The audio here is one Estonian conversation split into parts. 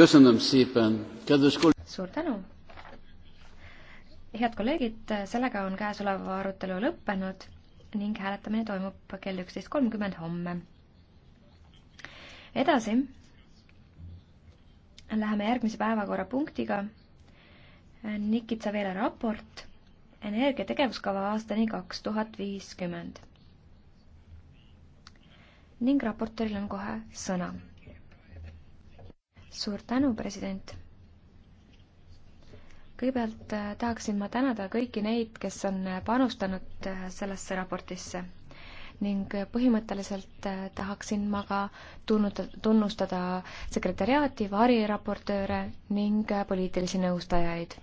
köszönöm szépen, kedves kolleegid. suur tänu. head kolleegid, sellega on käesoleva arutelu lõppenud ning hääletamine toimub kell üksteist kolmkümmend homme. edasi läheme järgmise päevakorrapunktiga. Nikitsa Veele raport energia tegevuskava aastani kaks tuhat viiskümmend. ning raportööril on kohe sõna suur tänu, president! kõigepealt äh, tahaksin ma tänada kõiki neid, kes on äh, panustanud äh, sellesse raportisse ning põhimõtteliselt tahaksin ma ka tunnustada sekretäriaati, variraportööre ning poliitilisi nõustajaid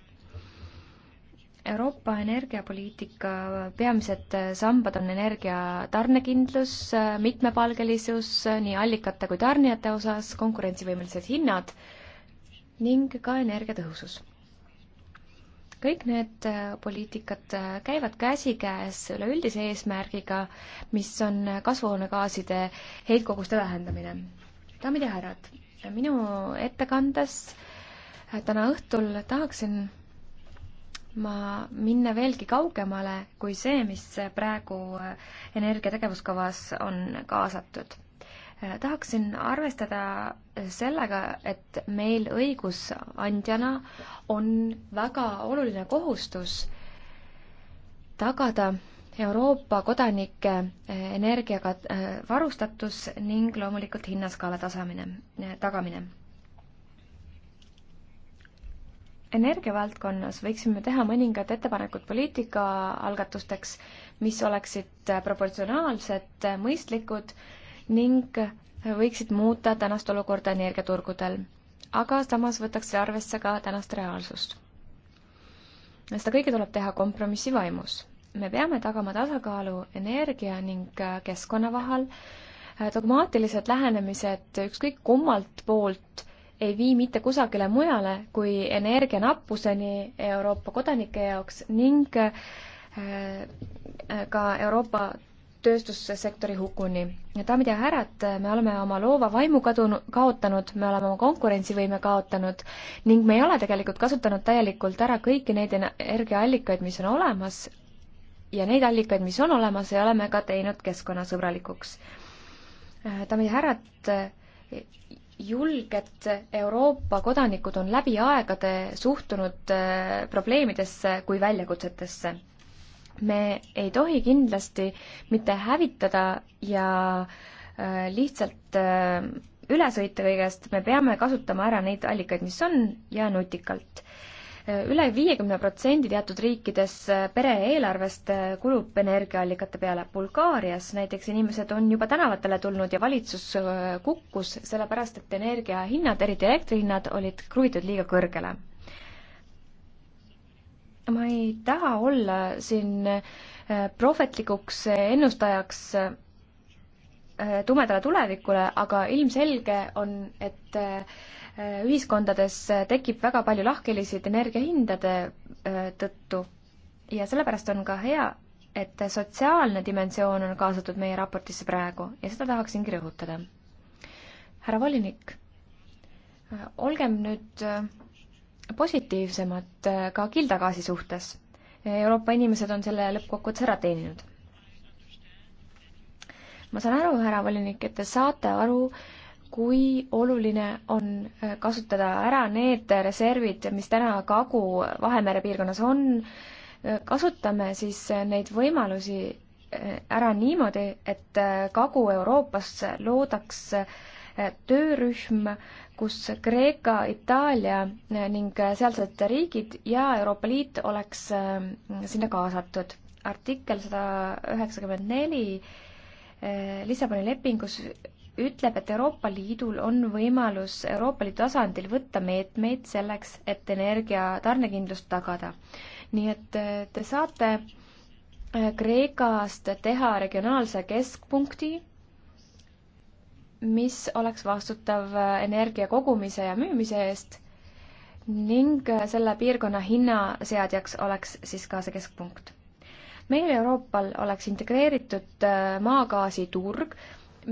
Euroopa energiapoliitika peamised sambad on energia tarnekindlus, mitmepalgelisus nii allikate kui tarnijate osas, konkurentsivõimelised hinnad ning ka energiatõhusus. kõik need poliitikad käivad käsikäes üleüldise eesmärgiga, mis on kasvuhoonegaaside heitkoguste vähendamine. daamid ja härrad, minu ettekandes täna õhtul tahaksin ma minna veelgi kaugemale kui see, mis praegu energia tegevuskavas on kaasatud. tahaksin arvestada sellega, et meil õigusandjana on väga oluline kohustus tagada Euroopa kodanike energiaga äh, varustatus ning loomulikult hinnaskaala tasamine, äh, tagamine energiavaldkonnas võiksime teha mõningad ettepanekud poliitikaalgatusteks, mis oleksid proportsionaalsed, mõistlikud ning võiksid muuta tänast olukorda energiaturgudel. aga samas võtaks see arvesse ka tänast reaalsust. seda kõike tuleb teha kompromissi vaimus. me peame tagama tasakaalu energia ning keskkonna vahel, dogmaatilised lähenemised ükskõik kummalt poolt ei vii mitte kusagile mujale kui energianappuseni Euroopa kodanike jaoks ning äh, ka Euroopa tööstussektori hukuni. daamid ja härrad, me oleme oma loova vaimu kadunud, kaotanud, me oleme oma konkurentsivõime kaotanud ning me ei ole tegelikult kasutanud täielikult ära kõiki neid energiaallikaid, mis on olemas ja neid allikaid, mis on olemas, ei ole me ka teinud keskkonnasõbralikuks. Äh, daamid ja härrad, julged Euroopa kodanikud on läbi aegade suhtunud äh, probleemidesse kui väljakutsetesse. me ei tohi kindlasti mitte hävitada ja äh, lihtsalt äh, üle sõita kõigest, me peame kasutama ära neid allikaid, mis on, ja nutikalt üle viiekümne protsendi teatud riikides äh, pere eelarvest äh, kulub energiaallikate peale. Bulgaarias näiteks inimesed on juba tänavatele tulnud ja valitsus äh, kukkus, sellepärast et energiahinnad, eriti elektrihinnad, olid kruvitud liiga kõrgele ma ei taha olla siin prohvetlikuks ennustajaks Äh, tumedale tulevikule, aga ilmselge on, et äh, ühiskondades äh, tekib väga palju lahkhelisid energiahindade tõttu ja sellepärast on ka hea, et sotsiaalne dimensioon on kaasatud meie raportisse praegu ja seda tahaksingi rõhutada. härra volinik, olgem nüüd positiivsemad ka kildagaasi suhtes. Euroopa inimesed on selle lõppkokkuvõttes ära teeninud ma saan aru, härra volinik, et te saate aru, kui oluline on äh, kasutada ära need reservid, mis täna Kagu-Vahemere piirkonnas on, äh, kasutame siis neid võimalusi äh, ära niimoodi, et Kagu-Euroopas loodaks töörühm, kus Kreeka, Itaalia ning sealsed riigid ja Euroopa Liit oleks sinna kaasatud. artikkel sada üheksakümmend neli Äh, Lissaboni lepingus ütleb, et Euroopa Liidul on võimalus Euroopa Liidu tasandil võtta meetmeid selleks, et energia tarnekindlust tagada. nii et äh, te saate äh, Kreekast teha regionaalse keskpunkti, mis oleks vastutav energia kogumise ja müümise eest ning selle piirkonna hinnaseadjaks oleks siis ka see keskpunkt meil Euroopal oleks integreeritud äh, maagaasiturg,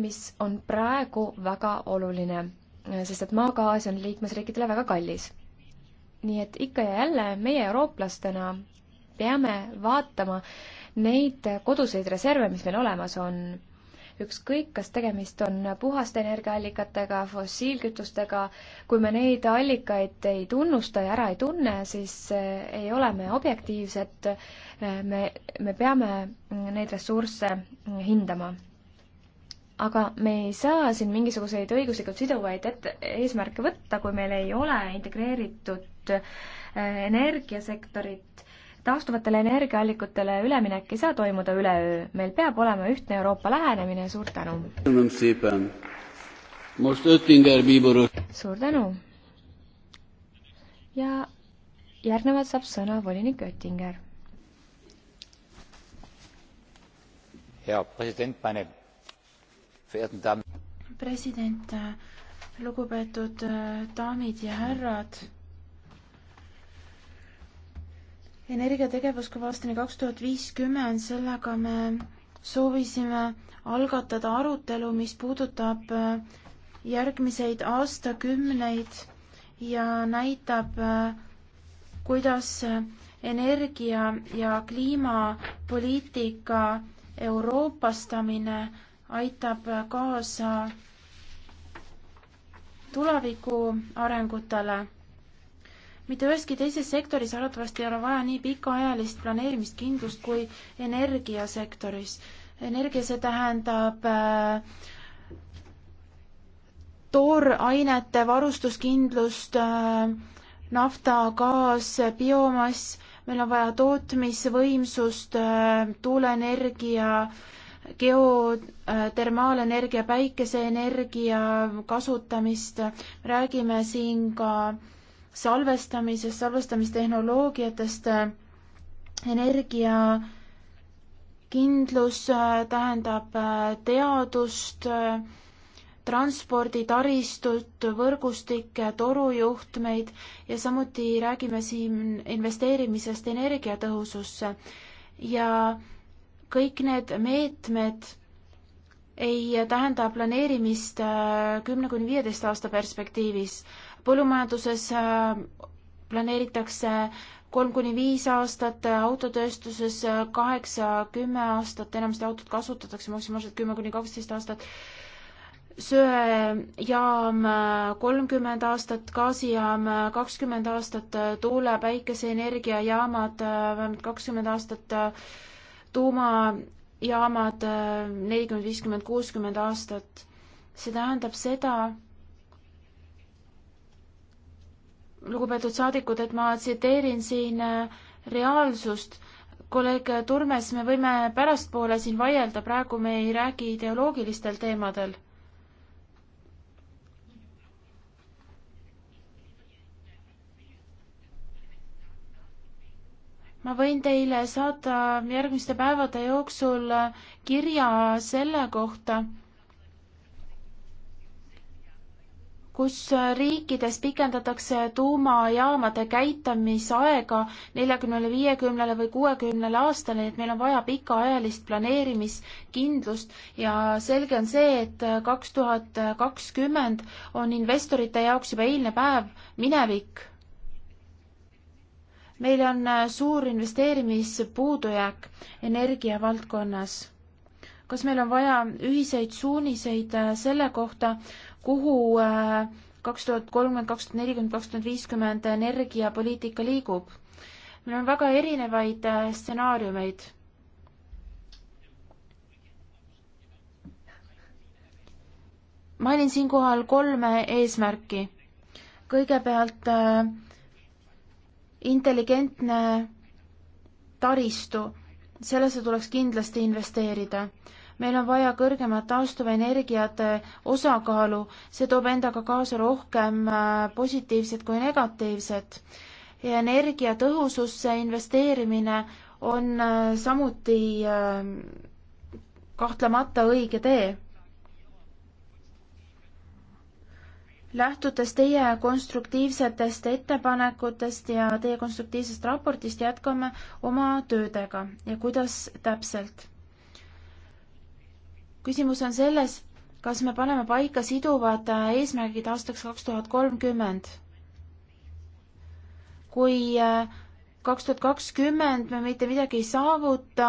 mis on praegu väga oluline, äh, sest et maagaas on liikmesriikidele väga kallis. nii et ikka ja jälle meie eurooplastena peame vaatama neid koduseid reserve, mis meil olemas on ükskõik, kas tegemist on puhaste energiaallikatega, fossiilkütustega, kui me neid allikaid ei tunnusta ja ära ei tunne, siis eh, ei ole me objektiivsed, eh, me, me peame neid ressursse hindama aga me ei saa siin mingisuguseid õiguslikult siduvaid ette, eesmärke võtta, kui meil ei ole integreeritud eh, energiasektorit taastuvatele energiaallikutele üleminek ei saa toimuda üleöö, meil peab olema ühtne Euroopa lähenemine, suur tänu! suur tänu! ja järgnevalt saab sõna volinik Oettinger. hea president, meine verehrten Damen. president, lugupeetud daamid ja härrad energiategevuskava aastani kaks tuhat viiskümmend, sellega me soovisime algatada arutelu, mis puudutab äh, järgmiseid aastakümneid ja näitab, äh, kuidas äh, energia ja kliimapoliitika euroopastamine aitab kaasa tuleviku arengutele mitte üheski teises sektoris arvatavasti ei ole vaja nii pikaajalist planeerimiskindlust kui energiasektoris. energia, see tähendab äh, toorainete varustuskindlust äh,, nafta, gaas, biomass, meil on vaja tootmisvõimsust äh,, tuuleenergia, geotermaalenergia, äh, päikeseenergia kasutamist, räägime siin ka äh, salvestamisest, salvestamistehnoloogiatest, äh, energia kindlus äh, tähendab äh, teadust, transporditaristut, võrgustikke, torujuhtmeid ja samuti räägime siin investeerimisest energiatõhususse. ja kõik need meetmed ei tähenda planeerimist kümne kuni viieteist aasta perspektiivis põllumajanduses äh, planeeritakse kolm kuni viis aastat, äh, autotööstuses äh, kaheksa, kümme aastat, enamasti autot kasutatakse maksimaalselt kümme kuni kaksteist aastat, söejaam kolmkümmend aastat, gaasijaam kakskümmend aastat, tuule, päikeseenergiajaamad vähemalt kakskümmend aastat, tuumajaamad nelikümmend, viiskümmend, kuuskümmend aastat. see tähendab seda, lugupeetud saadikud, et ma tsiteerin siin äh, reaalsust. kolleeg Turmes, me võime pärastpoole siin vaielda, praegu me ei räägi ideoloogilistel teemadel. ma võin teile saata järgmiste päevade jooksul äh, kirja selle kohta kus riikides pikendatakse tuumajaamade käitamisaega neljakümnele, viiekümnele või kuuekümnele aastani, et meil on vaja pikaajalist planeerimiskindlust ja selge on see, et kaks tuhat kakskümmend on investorite jaoks juba eilne päev minevik. meil on suur investeerimispuudujääk energia valdkonnas. kas meil on vaja ühiseid suuniseid selle kohta, kuhu äh, kaks tuhat kolmkümmend, kaks tuhat nelikümmend, kaks tuhat viiskümmend energiapoliitika liigub. meil on väga erinevaid äh, stsenaariumeid. mainin siinkohal kolme eesmärki. kõigepealt äh, intelligentne taristu, sellesse tuleks kindlasti investeerida meil on vaja kõrgemat taastuvenergiate osakaalu, see toob endaga kaasa rohkem äh, positiivset kui negatiivset. ja energiatõhususse investeerimine on äh, samuti äh, kahtlemata õige tee lähtudes teie konstruktiivsetest ettepanekutest ja teie konstruktiivsest raportist, jätkame oma töödega ja kuidas täpselt? küsimus on selles, kas me paneme paika siduvad äh, eesmärgid aastaks kaks tuhat kolmkümmend. kui äh, kaks tuhat kakskümmend me mitte midagi ei saavuta,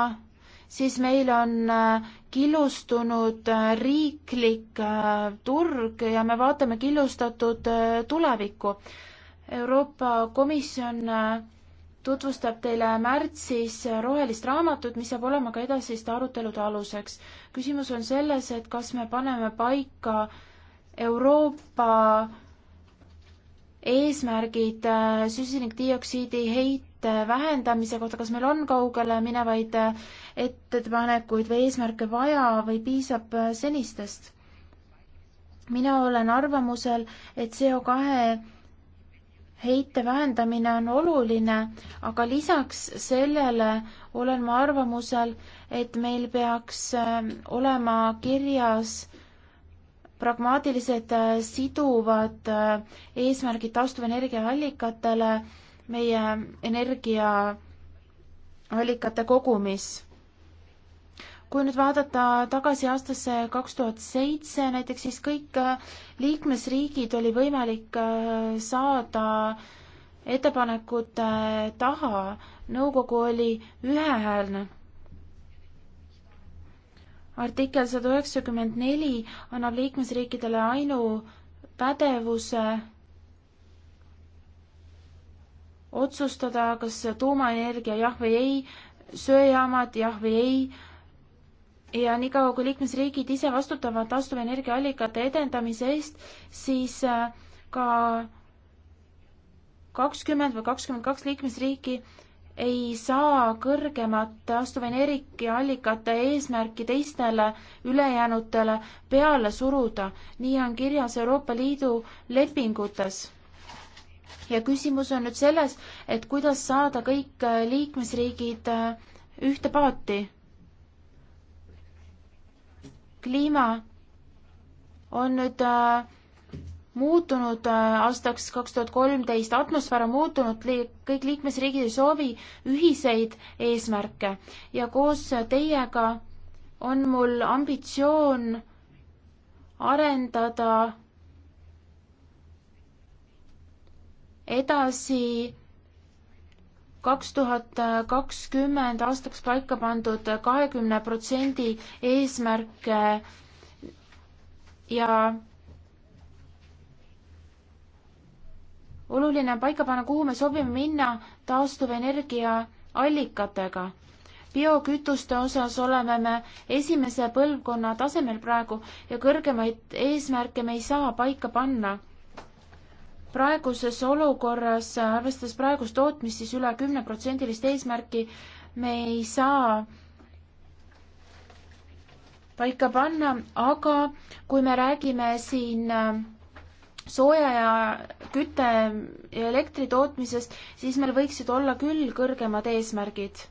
siis meil on äh, killustunud riiklik turg ja me vaatame killustatud tulevikku. Euroopa Komisjon tutvustab teile märtsis rohelist raamatut, mis saab olema ka edasiste arutelude aluseks. küsimus on selles, et kas me paneme paika Euroopa eesmärgid äh, süsinikdioksiidi heite vähendamise kohta, kas meil on kaugele minevaid äh, ettepanekuid või eesmärke vaja või piisab äh, senistest? mina olen arvamusel, et CO kahe heite vähendamine on oluline, aga lisaks sellele olen ma arvamusel, et meil peaks ähm, olema kirjas pragmaatilised äh, siduvad äh, eesmärgid taastuvenergiaallikatele meie energiaallikate kogumis kui nüüd vaadata tagasi aastasse kaks tuhat seitse näiteks, siis kõik äh, liikmesriigid oli võimalik äh, saada ettepanekute taha, nõukogu oli ühehäälne. artikkel sada üheksakümmend neli annab liikmesriikidele ainupädevuse otsustada, kas tuumaenergia jah või ei, söejaamad jah või ei ja niikaua, kui liikmesriigid ise vastutavad taastuvenergiaallikate edendamise eest, siis äh, ka kakskümmend või kakskümmend kaks liikmesriiki ei saa kõrgemat taastuvenergiaallikate eesmärki teistele ülejäänutele peale suruda. nii on kirjas Euroopa Liidu lepingutes. ja küsimus on nüüd selles, et kuidas saada kõik liikmesriigid äh, ühte paati kliima on nüüd äh, muutunud äh, aastaks kaks tuhat kolmteist, atmosfäär on muutunud, kõik liikmesriigid ei soovi ühiseid eesmärke ja koos teiega on mul ambitsioon arendada edasi kaks tuhat kakskümmend aastaks paika pandud kahekümne protsendi eesmärke ja oluline on paika panna, kuhu me soovime minna taastuvenergia allikatega. biokütuste osas oleme me esimese põlvkonna tasemel praegu ja kõrgemaid eesmärke me ei saa paika panna praeguses olukorras, arvestades praegust tootmist, siis üle kümneprotsendilist eesmärki me ei saa paika panna, aga kui me räägime siin äh, sooja ja küte ja elektri tootmisest, siis meil võiksid olla küll kõrgemad eesmärgid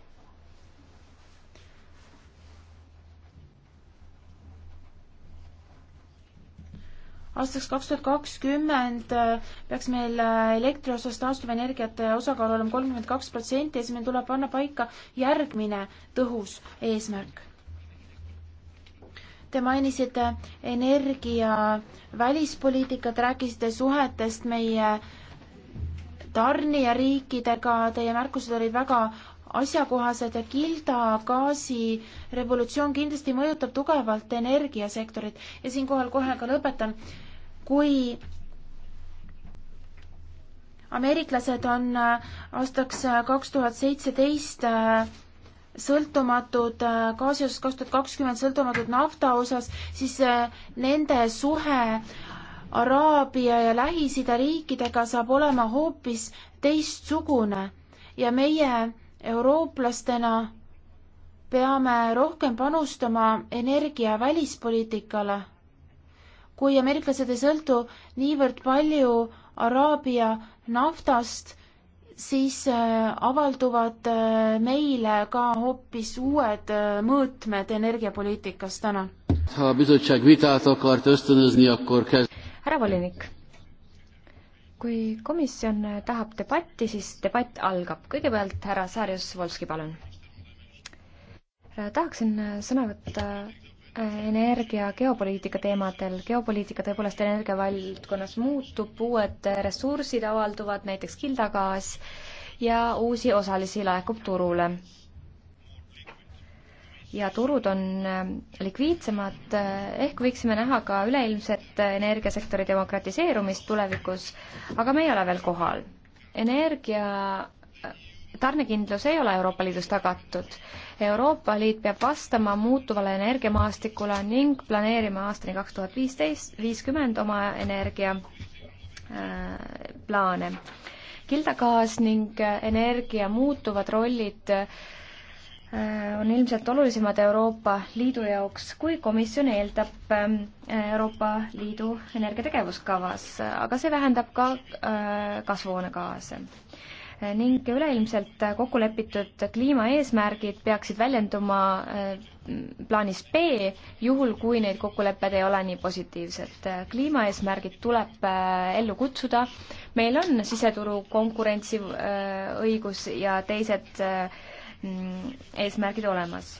aastaks kaks tuhat kakskümmend äh, peaks meil äh, elektri osas taastuvenergiate osakaal olema kolmkümmend kaks protsenti ja siis meil tuleb panna paika järgmine tõhus eesmärk. Te mainisite energia välispoliitikat, rääkisite suhetest meie tarnijariikidega, teie märkused olid väga asjakohased ja Gilda gaasirevolutsioon kindlasti mõjutab tugevalt energiasektorit ja siinkohal kohe ka lõpetan kui ameeriklased on äh, aastaks äh, kaks tuhat seitseteist äh, sõltumatud gaasi osas, kaks tuhat kakskümmend sõltumatud nafta osas, siis nende suhe Araabia ja Lähis-Ida riikidega saab olema hoopis teistsugune ja meie eurooplastena peame rohkem panustama energia välispoliitikale kui ameeriklased ei sõltu niivõrd palju Araabia naftast, siis äh, avalduvad äh, meile ka hoopis uued äh, mõõtmed energiapoliitikas täna. härra volinik, kui komisjon tahab debatti, siis debatt algab. kõigepealt härra Saarjus Volski, palun. tahaksin sõna võtta energia geopoliitika teemadel. geopoliitika tõepoolest energiavaldkonnas muutub, uued ressursid avalduvad, näiteks kildagaas, ja uusi osalisi laekub turule. ja turud on äh, likviidsemad, äh, ehk võiksime näha ka üleilmset energiasektori demokratiseerumist tulevikus, aga me ei ole veel kohal. energia tarnekindlus ei ole Euroopa Liidus tagatud. Euroopa Liit peab vastama muutuvale energiamaastikule ning planeerima aastani kaks tuhat viisteist, viiskümmend oma energiaplaane äh,. kildagaas ning äh, energia muutuvad rollid äh, on ilmselt olulisemad Euroopa Liidu jaoks, kui komisjon eeldab ähm, Euroopa Liidu energiategevuskavas, aga see vähendab ka äh, kasvuhoonegaase ning üleilmselt kokku lepitud kliimaeesmärgid peaksid väljenduma äh, plaanis B, juhul kui need kokkulepped ei ole nii positiivsed. kliimaeesmärgid tuleb äh, ellu kutsuda, meil on siseturu konkurentsiõigus äh, ja teised mm, eesmärgid olemas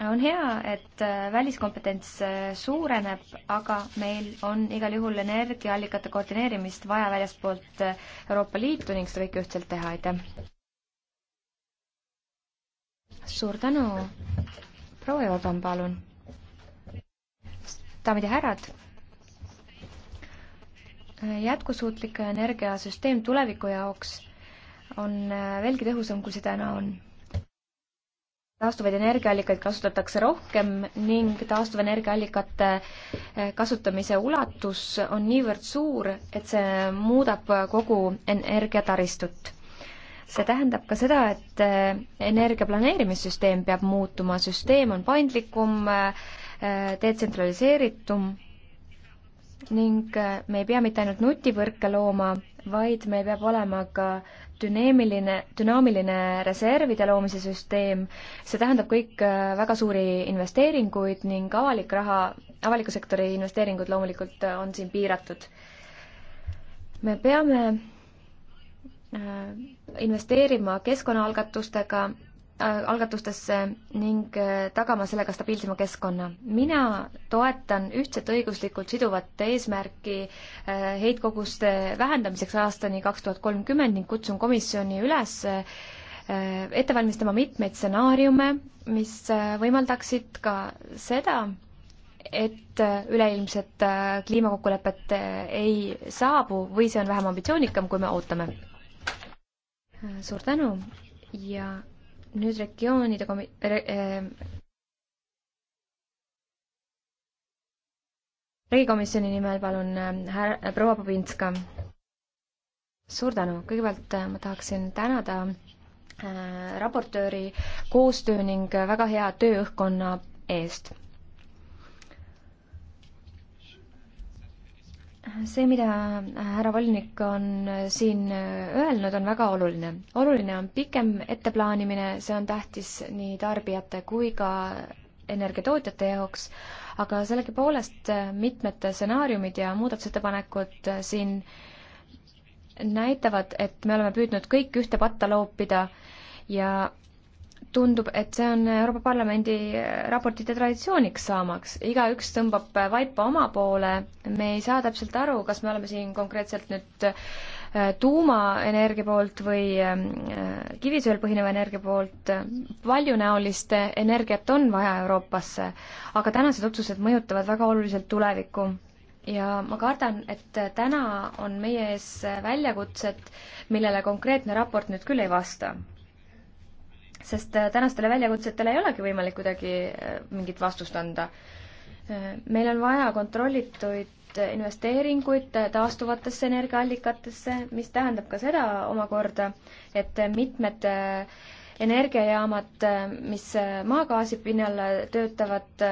on hea, et äh, väliskompetents äh, suureneb, aga meil on igal juhul energiaallikate koordineerimist vaja väljaspoolt äh, Euroopa Liitu ning seda kõike ühtselt teha, aitäh! suur tänu, proua Jordan, palun! daamid ja härrad, jätkusuutlik energiasüsteem tuleviku jaoks on veelgi tõhusam, kui see täna on taastuvaid energiaallikaid kasutatakse rohkem ning taastuvenergiaallikate eh, kasutamise ulatus on niivõrd suur, et see muudab kogu energiataristut. see tähendab ka seda, et eh, energia planeerimissüsteem peab muutuma, süsteem on paindlikum, eh, detsentraliseeritum ning me ei pea mitte ainult nutivõrke looma, vaid meil peab olema ka äh, düneemiline, dünaamiline reservide loomise süsteem, see tähendab kõik äh, väga suuri investeeringuid ning avalik raha, avaliku sektori investeeringud loomulikult äh, on siin piiratud. me peame äh, investeerima keskkonnaalgatustega Äh, algatustesse ning äh, tagama sellega stabiilsema keskkonna. mina toetan ühtset õiguslikult siduvat eesmärki äh, heitkoguste vähendamiseks aastani kaks tuhat kolmkümmend ning kutsun komisjoni üles ette valmistama mitmeid stsenaariume, mis võimaldaksid ka seda, et üleilmset kliimakokkulepet ei saabu või see on vähem ambitsioonikam, kui me ootame. suur tänu ja nüüd regioonide komi-, re, äh, riigikomisjoni nimel palun ehm, härra äh,, proua Popinska. suur tänu, kõigepealt äh, ma tahaksin tänada äh, raportööri koostöö ning väga hea tööõhkkonna eest see, mida äh, härra volinik on äh, siin äh, öelnud, on väga oluline. oluline on pikem etteplaanimine, see on tähtis nii tarbijate kui ka energiatootjate jaoks, aga sellegipoolest mitmed stsenaariumid ja muudatusettepanekud siin näitavad, et me oleme püüdnud kõik ühte patta loopida ja tundub, et see on Euroopa Parlamendi äh, raportite traditsiooniks saamas, igaüks tõmbab äh, vaipa oma poole, me ei saa täpselt aru, kas me oleme siin konkreetselt nüüd äh, tuumaenergia poolt või ähm, kivisöel põhineva energia poolt, paljunäolist energiat on vaja Euroopasse, aga tänased otsused mõjutavad väga oluliselt tulevikku ja ma kardan, et täna on meie ees väljakutsed, millele konkreetne raport nüüd küll ei vasta sest äh, tänastele väljakutsetele ei olegi võimalik kuidagi äh, mingit vastust anda. Äh, meil on vaja kontrollituid investeeringuid taastuvatesse energiaallikatesse, mis tähendab ka seda omakorda, et mitmed energiajaamad, mis maagaasi pinnal töötavad,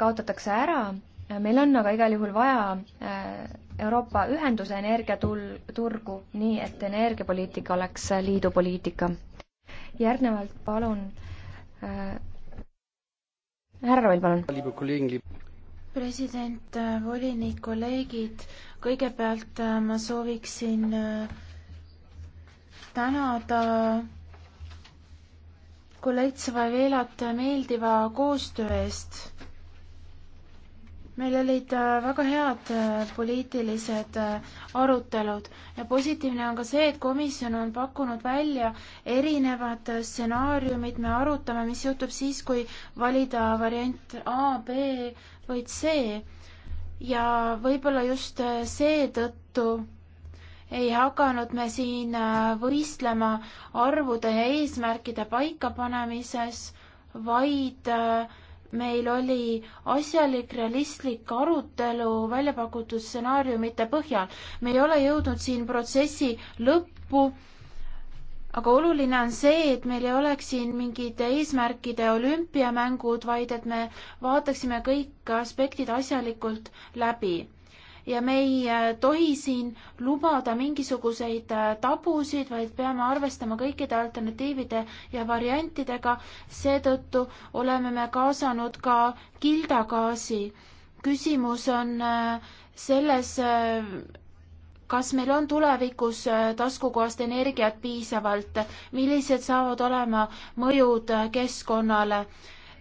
kaotatakse ära. meil on aga igal juhul vaja Euroopa ühenduse energiaturgu, nii et energiapoliitika oleks liidu poliitika järgnevalt palun äh,, härra Roil, palun. president, äh, volinik, kolleegid, kõigepealt äh, ma sooviksin äh, tänada kolleeg Svavelat meeldiva koostöö eest meil olid äh, väga head äh, poliitilised äh, arutelud ja positiivne on ka see, et komisjon on pakkunud välja erinevad stsenaariumid, me arutame, mis juhtub siis, kui valida variant A, B või C. ja võib-olla just seetõttu ei hakanud me siin võistlema arvude ja eesmärkide paikapanemises, vaid äh, meil oli asjalik, realistlik arutelu välja pakutud stsenaariumite põhjal. me ei ole jõudnud siin protsessi lõppu, aga oluline on see, et meil ei oleks siin mingid eesmärkide olümpiamängud, vaid et me vaataksime kõik aspektid asjalikult läbi ja me ei äh, tohi siin lubada mingisuguseid äh, tabusid, vaid peame arvestama kõikide alternatiivide ja variantidega. seetõttu oleme me kaasanud ka kildagaasi. küsimus on äh, selles, kas meil on tulevikus taskukohast energiat piisavalt, millised saavad olema mõjud keskkonnale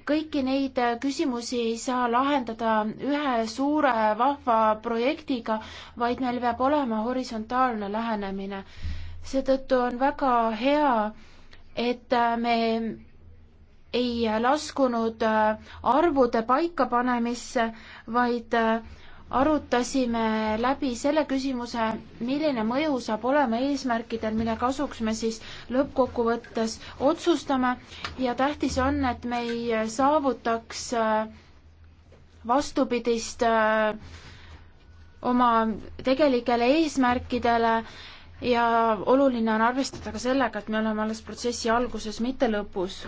kõiki neid küsimusi ei saa lahendada ühe suure vahva projektiga, vaid meil peab olema horisontaalne lähenemine. seetõttu on väga hea, et me ei laskunud arvude paikapanemisse, vaid arutasime läbi selle küsimuse, milline mõju saab olema eesmärkidel, mille kasuks me siis lõppkokkuvõttes otsustame ja tähtis on, et me ei saavutaks äh, vastupidist äh, oma tegelikele eesmärkidele ja oluline on arvestada ka sellega, et me oleme alles protsessi alguses, mitte lõpus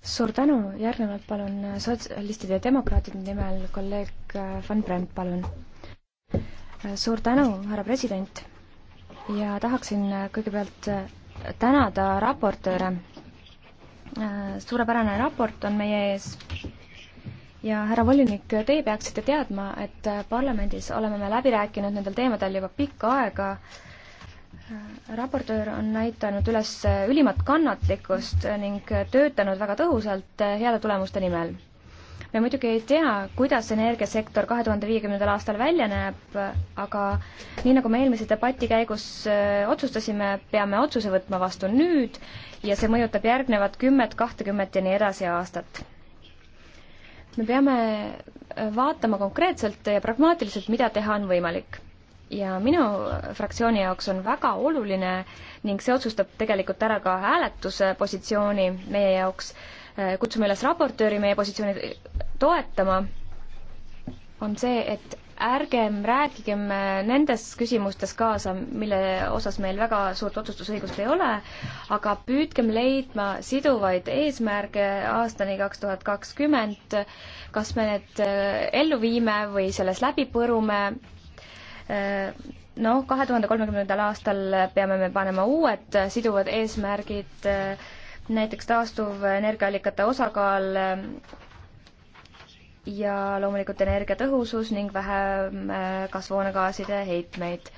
suur tänu, järgnevalt palun sotsialistide ja demokraatide nimel kolleeg Van Brempt, palun. suur tänu, härra president, ja tahaksin kõigepealt tänada raportööre. suurepärane raport on meie ees ja härra volinik, teie peaksite teadma, et parlamendis oleme me läbi rääkinud nendel teemadel juba pikka aega äh, raportöör on näidanud üles ülimat kannatlikkust ning töötanud väga tõhusalt heade tulemuste nimel. me muidugi ei tea, kuidas energiasektor kahe tuhande viiekümnendal aastal välja näeb, aga nii, nagu me eelmise debati käigus äh, otsustasime, peame otsuse võtma vastu nüüd ja see mõjutab järgnevat kümmet, kahtekümmet ja nii edasi aastat. me peame äh, vaatama konkreetselt ja pragmaatiliselt, mida teha on võimalik ja minu fraktsiooni jaoks on väga oluline ning see otsustab tegelikult ära ka hääletuse positsiooni meie jaoks. kutsume üles raportööri meie positsiooni toetama, on see, et ärgem rääkigem nendes küsimustes kaasa, mille osas meil väga suurt otsustusõigust ei ole, aga püüdkem leidma siduvaid eesmärge aastani kaks tuhat kakskümmend, kas me need ellu viime või selles läbi põrume noh, kahe tuhande kolmekümnendal aastal peame me panema uued siduvad eesmärgid, näiteks taastuvenergiaallikate osakaal ja loomulikult energiatõhusus ning vähem äh, kasvuhoonegaaside heitmeid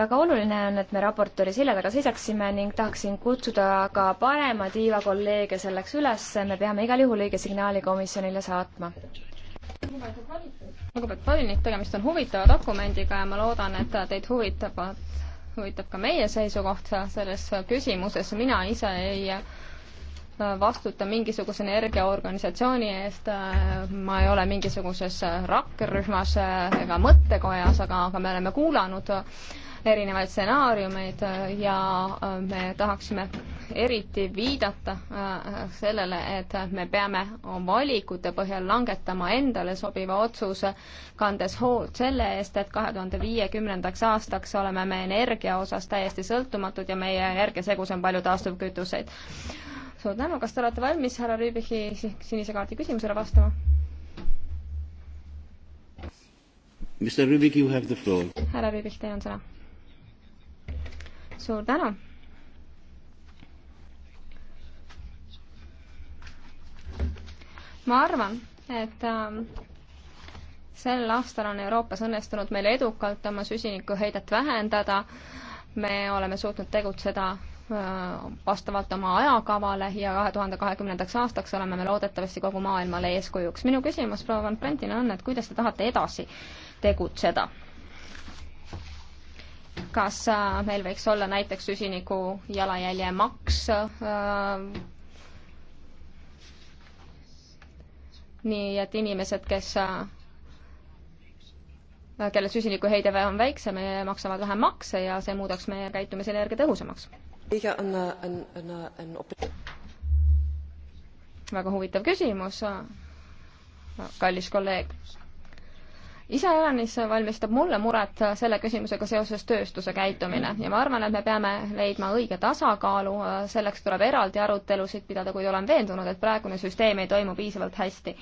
väga oluline on, et me raportööri selja taga seisaksime ning tahaksin kutsuda ka parema tiiva kolleege selleks üles, me peame igal juhul õige signaali komisjonile saatma lugupeetud volinik, tegemist on huvitava dokumendiga ja ma loodan, et teid huvitavad, huvitab ka meie seisukoht selles küsimuses. mina ise ei äh, vastuta mingisuguse energiaorganisatsiooni eest, äh, ma ei ole mingisuguses rakkerühmas äh, ega mõttekojas, aga, aga me oleme kuulanud äh, erinevaid stsenaariumeid äh, ja äh, me tahaksime eriti viidata äh, sellele, et me peame valikute põhjal langetama endale sobiva otsuse, kandes hoolt selle eest, et kahe tuhande viiekümnendaks aastaks oleme me energia osas täiesti sõltumatud ja meie energiasegus on palju taastuvkütuseid. suur tänu, kas te olete valmis härra Rüübichi sinise kaardi küsimusele vastama? härra Rüübich, teil on sõna suur tänu. ma arvan, et ähm, sel aastal on Euroopas õnnestunud meil edukalt oma süsinikuheidet vähendada. me oleme suutnud tegutseda äh, vastavalt oma ajakavale ja kahe tuhande kahekümnendaks aastaks oleme me loodetavasti kogu maailmale eeskujuks. minu küsimus proua Van Brandile on, et kuidas te tahate edasi tegutseda? kas äh, meil võiks olla näiteks süsiniku jalajälje maks äh, nii et inimesed, kes, äh, kelle süsinikuheide on väiksem, maksavad vähem makse ja see muudaks meie käitumise energiatõhusamaks. väga huvitav küsimus, kallis kolleeg iseäranis valmistab mulle muret selle küsimusega seoses tööstuse käitumine ja ma arvan, et me peame leidma õige tasakaalu, selleks tuleb eraldi arutelusid pidada, kuid olen veendunud, et praegune süsteem ei toimu piisavalt hästi.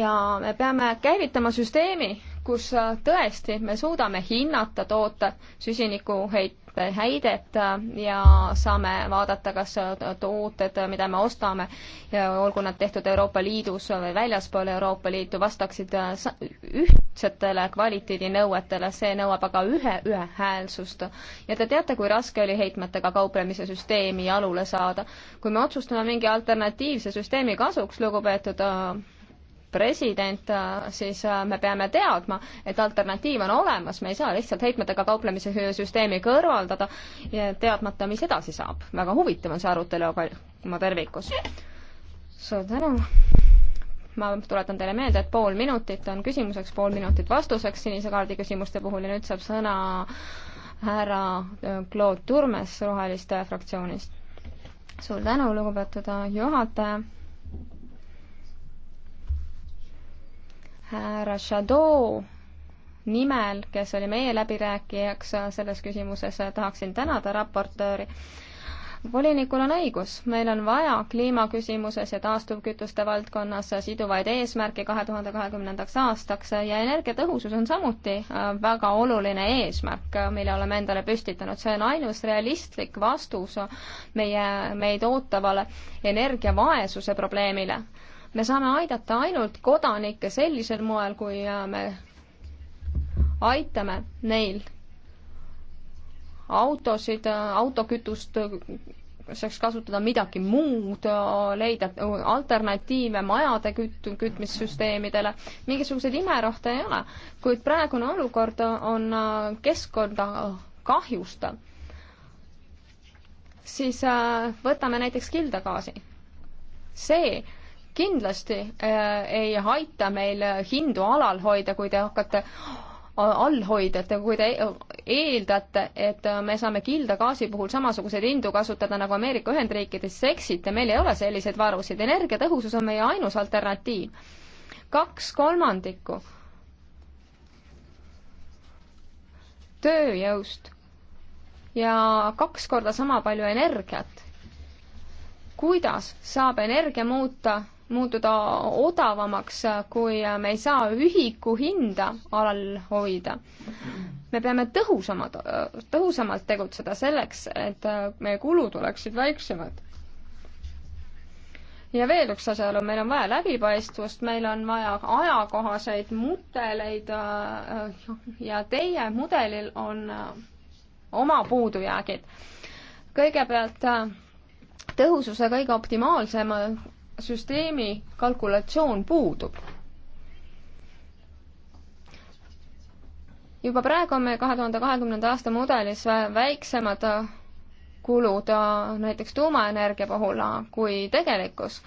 ja me peame käivitama süsteemi, kus äh, tõesti me suudame hinnata toote süsinikuheite häidet äh, ja saame vaadata, kas äh, tooted, mida me ostame, olgu nad tehtud Euroopa Liidus või väljaspool Euroopa Liitu, vastaksid ühtsetele kvaliteedinõuetele, see nõuab aga ühe, ühehäälsust. ja te teate, kui raske oli heitmetega kauplemise süsteemi jalule saada. kui me otsustame mingi alternatiivse süsteemi kasuks, lugupeetud president, äh, siis äh, me peame teadma, et alternatiiv on olemas, me ei saa lihtsalt heitmetega kauplemise süsteemi kõrvaldada ja teadmata, mis edasi saab. väga huvitav on see arutelu aga oma tervikus. suur tänu. ma tuletan teile meelde, et pool minutit on küsimuseks, pool minutit vastuseks sinise kaardi küsimuste puhul ja nüüd saab sõna härra äh, Claude Turmes Roheliste fraktsioonist. suur tänu, lugupeetud juhataja härra Shadow nimel, kes oli meie läbirääkijaks selles küsimuses, tahaksin tänada raportööri. volinikul on õigus, meil on vaja kliimaküsimuses ja taastuvkütuste valdkonnas siduvaid eesmärke kahe tuhande kahekümnendaks aastaks ja energiatõhusus on samuti äh, väga oluline eesmärk, mille oleme endale püstitanud. see on ainus realistlik vastus meie, meid ootavale energiavaesuse probleemile me saame aidata ainult kodanikke sellisel moel, kui äh, me aitame neil autosid, äh, autokütust äh, saaks kasutada midagi muud, leida alternatiive majade küt-, kütmissüsteemidele, mingisuguseid imerohte ei ole. kuid praegune olukord on keskkonda kahjustav. siis võtame näiteks kildagaasi. see kindlasti äh, ei aita meil hindu alal hoida, kui te hakkate all hoida, et kui te eeldate, et me saame kildagaasi puhul samasuguseid hindu kasutada nagu Ameerika Ühendriikides, siis eksite, meil ei ole selliseid varusid, energiatõhusus on meie ainus alternatiiv. kaks kolmandikku tööjõust ja kaks korda sama palju energiat. kuidas saab energia muuta muutuda odavamaks, kui me ei saa ühiku hinda alal hoida. me peame tõhusamad, tõhusamalt tegutseda selleks, et meie kulud oleksid väiksemad. ja veel üks asjaolu, meil on vaja läbipaistvust, meil on vaja ajakohaseid mudeleid ja teie mudelil on oma puudujäägid. kõigepealt tõhususe kõige optimaalsema süsteemi kalkulatsioon puudub. juba praegu on meil kahe tuhande kahekümnenda aasta mudelis väiksemad äh, kulud äh, näiteks tuumaenergia puhul äh, kui tegelikkus.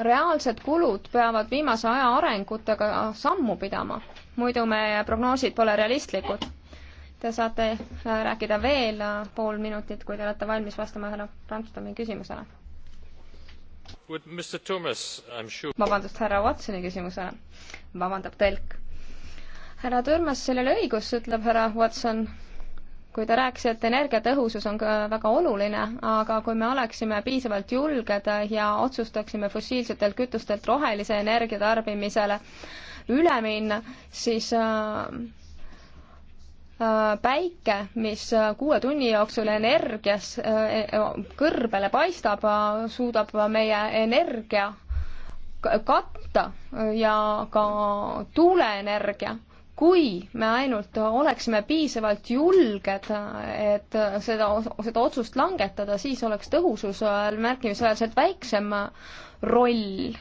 reaalsed kulud peavad viimase aja arengutega sammu pidama, muidu meie prognoosid pole realistlikud Te saate äh, rääkida veel äh, pool minutit, kui te olete valmis vastama härra Brandstoni küsimusele. Sure... vabandust, härra Watsoni küsimusele. vabandab telk. härra Tõrmasil oli õigus, ütleb härra Watson, kui ta rääkis, et energiatõhusus on ka väga oluline, aga kui me oleksime piisavalt julged ja otsustaksime fossiilsetelt kütustelt rohelise energia tarbimisele üle minna, siis äh, Äh, päike, mis äh, kuue tunni jooksul energias äh, e, kõrbele paistab, suudab meie energia katta ja ka tuuleenergia, kui me ainult oleksime piisavalt julged, et seda, seda otsust langetada, siis oleks tõhususel märkimisväärselt väiksem roll.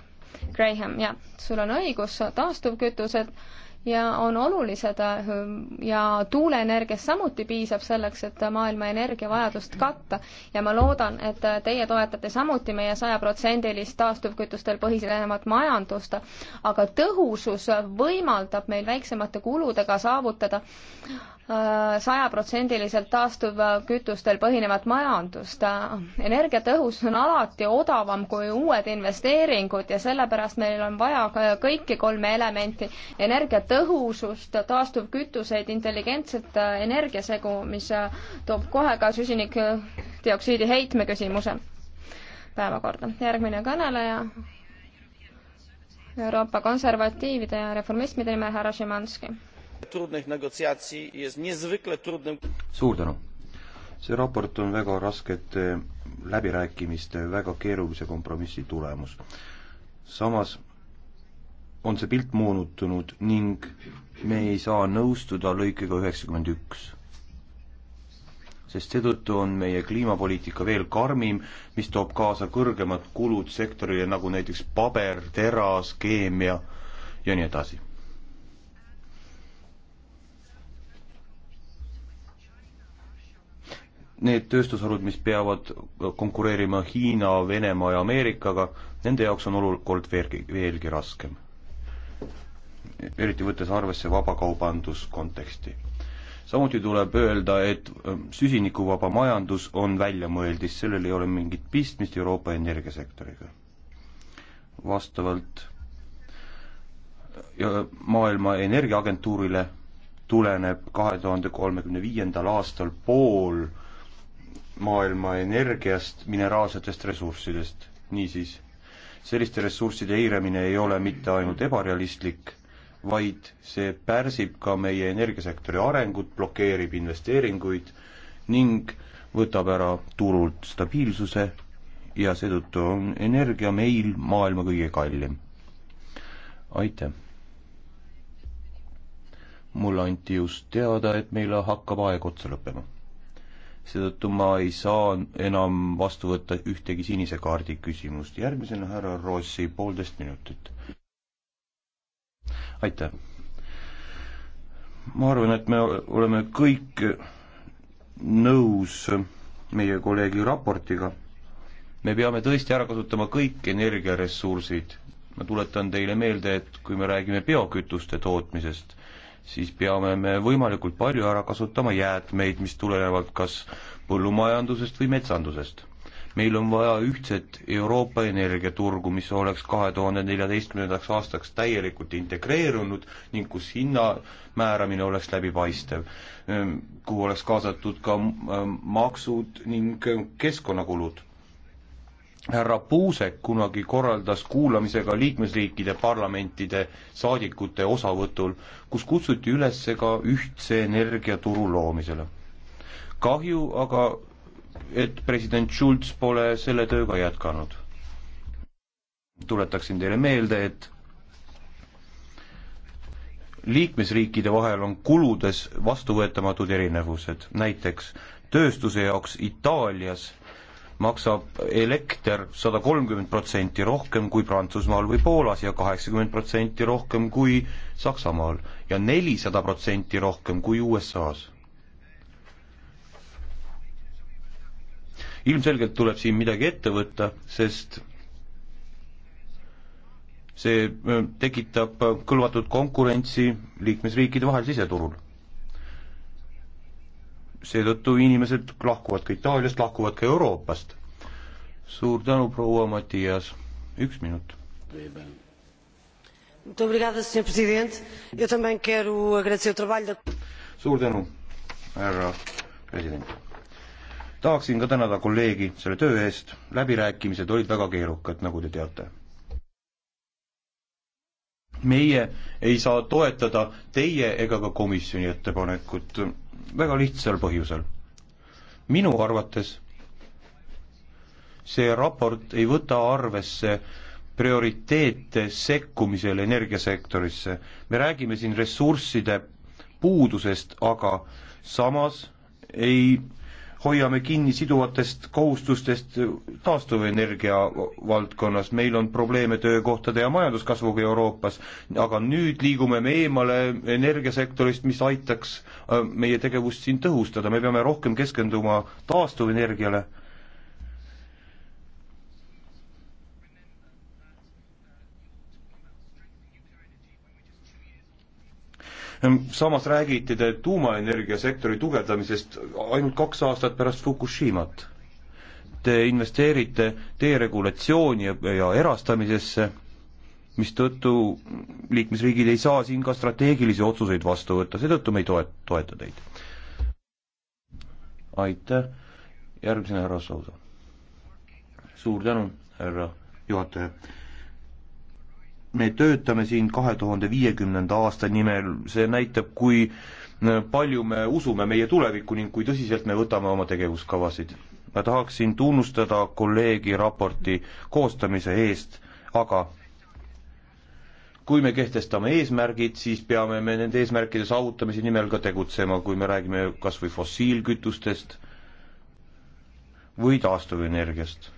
Graham, jah, sul on õigus, taastuvkütused ja on olulised ehm, ja tuuleenergiast samuti piisab selleks, et maailma energiavajadust katta. ja ma loodan, et teie toetate samuti meie sajaprotsendilist taastuvkütustel põhisenevat majandust, aga tõhusus võimaldab meil väiksemate kuludega saavutada sajaprotsendiliselt taastuvkütustel põhinevat majandust. energiatõhus on alati odavam kui uued investeeringud ja sellepärast meil on vaja kõiki kolme elementi, energiatõhusust, taastuvkütuseid, intelligentset energiasegu, mis toob kohe ka süsinikdioksiidi heitme küsimuse päevakorda. järgmine kõneleja Euroopa konservatiivide ja reformistide nimel härra Šimanski suur tänu. see raport on väga raskete läbirääkimiste väga keerulise kompromissi tulemus. samas on see pilt moonutunud ning me ei saa nõustuda lõikega üheksakümmend üks. sest seetõttu on meie kliimapoliitika veel karmim, mis toob kaasa kõrgemad kulud sektorile, nagu näiteks paber, teras, keemia ja nii edasi need tööstusharud, mis peavad konkureerima Hiina, Venemaa ja Ameerikaga, nende jaoks on olukord veelgi, veelgi raskem. eriti võttes arvesse vabakaubanduskonteksti. samuti tuleb öelda, et ähm, süsinikuvaba majandus on väljamõeldis, sellel ei ole mingit pistmist Euroopa energiasektoriga. vastavalt Maailma Energiaagentuurile tuleneb kahe tuhande kolmekümne viiendal aastal pool maailma energiast, mineraalsetest ressurssidest. niisiis, selliste ressursside eiramine ei ole mitte ainult ebarealistlik, vaid see pärsib ka meie energiasektori arengut, blokeerib investeeringuid ning võtab ära turult stabiilsuse ja seetõttu on energia meil maailma kõige kallim. aitäh! mulle anti just teada, et meil hakkab aeg otsa lõppema seetõttu ma ei saa enam vastu võtta ühtegi sinise kaardi küsimust. järgmisena härra Rossi, poolteist minutit. aitäh. ma arvan, et me oleme kõik nõus meie kolleegi raportiga. me peame tõesti ära kasutama kõik energiaressursid. ma tuletan teile meelde, et kui me räägime biokütuste tootmisest, siis peame me võimalikult palju ära kasutama jäätmeid, mis tulenevad kas põllumajandusest või metsandusest. meil on vaja ühtset Euroopa energiaturgu, mis oleks kahe tuhande neljateistkümnendaks aastaks täielikult integreerunud ning kus hinna määramine oleks läbipaistev, kuhu oleks kaasatud ka maksud ning keskkonnakulud härra Puusek kunagi korraldas kuulamisega liikmesriikide parlamentide saadikute osavõtul, kus kutsuti üles ka ühtse energiaturu loomisele. kahju aga, et president Schulz pole selle tööga jätkanud. tuletaksin teile meelde, et liikmesriikide vahel on kuludes vastuvõetamatud erinevused, näiteks tööstuse jaoks Itaalias maksab elekter sada kolmkümmend protsenti rohkem kui Prantsusmaal või Poolas ja kaheksakümmend protsenti rohkem kui Saksamaal ja nelisada protsenti rohkem kui USA-s. ilmselgelt tuleb siin midagi ette võtta, sest see äh, tekitab kõlvatut konkurentsi liikmesriikide vahel siseturul seetõttu inimesed lahkuvad ka Itaaliast, lahkuvad ka Euroopast. suur tänu, proua Matias, üks minut. suur tänu, härra president. tahaksin ka tänada kolleegi selle töö eest, läbirääkimised olid väga keerukad, nagu te teate meie ei saa toetada teie ega ka komisjoni ettepanekut väga lihtsal põhjusel. minu arvates see raport ei võta arvesse prioriteete sekkumisel energiasektorisse. me räägime siin ressursside puudusest, aga samas ei hoiame kinni siduvatest kohustustest taastuvenergia valdkonnas, meil on probleeme töökohtade ja majanduskasvuga Euroopas, aga nüüd liigume me eemale energiasektorist, mis aitaks äh, meie tegevust siin tõhustada, me peame rohkem keskenduma taastuvenergiale Ehm, samas räägiti te tuumaenergiasektori tugevdamisest ainult kaks aastat pärast Fukushimat. Te investeerite deregulatsiooni ja, ja erastamisesse, mistõttu liikmesriigid ei saa siin ka strateegilisi otsuseid vastu võtta, seetõttu me ei toet-, toeta teid. aitäh, järgmisena härra Sousa. suur tänu, härra juhataja me töötame siin kahe tuhande viiekümnenda aasta nimel, see näitab, kui äh, palju me usume meie tulevikku ning kui tõsiselt me võtame oma tegevuskavasid. ma tahaksin tunnustada kolleegi raporti koostamise eest, aga kui me kehtestame eesmärgid, siis peame me nende eesmärkide saavutamise nimel ka tegutsema, kui me räägime kas või fossiilkütustest või taastuvenergiast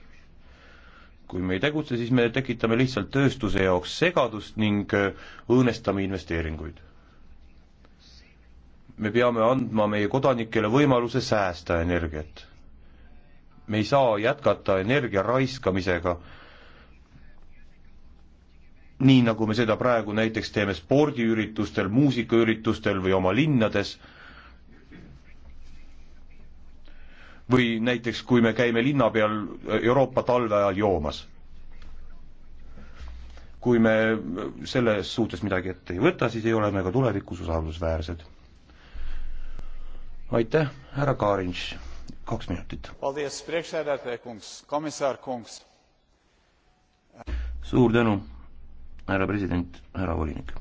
kui me ei tegutse, siis me tekitame lihtsalt tööstuse jaoks segadust ning äh, õõnestame investeeringuid. me peame andma meie kodanikele võimaluse säästa energiat. me ei saa jätkata energia raiskamisega, nii nagu me seda praegu näiteks teeme spordiüritustel, muusikaüritustel või oma linnades või näiteks kui me käime linna peal äh, Euroopa talve ajal joomas. kui me äh, selles suhtes midagi ette ei võta, siis ei ole me ka tulevikus usaldusväärsed. aitäh, härra Kaarins, kaks minutit. suur tänu, härra president, härra volinik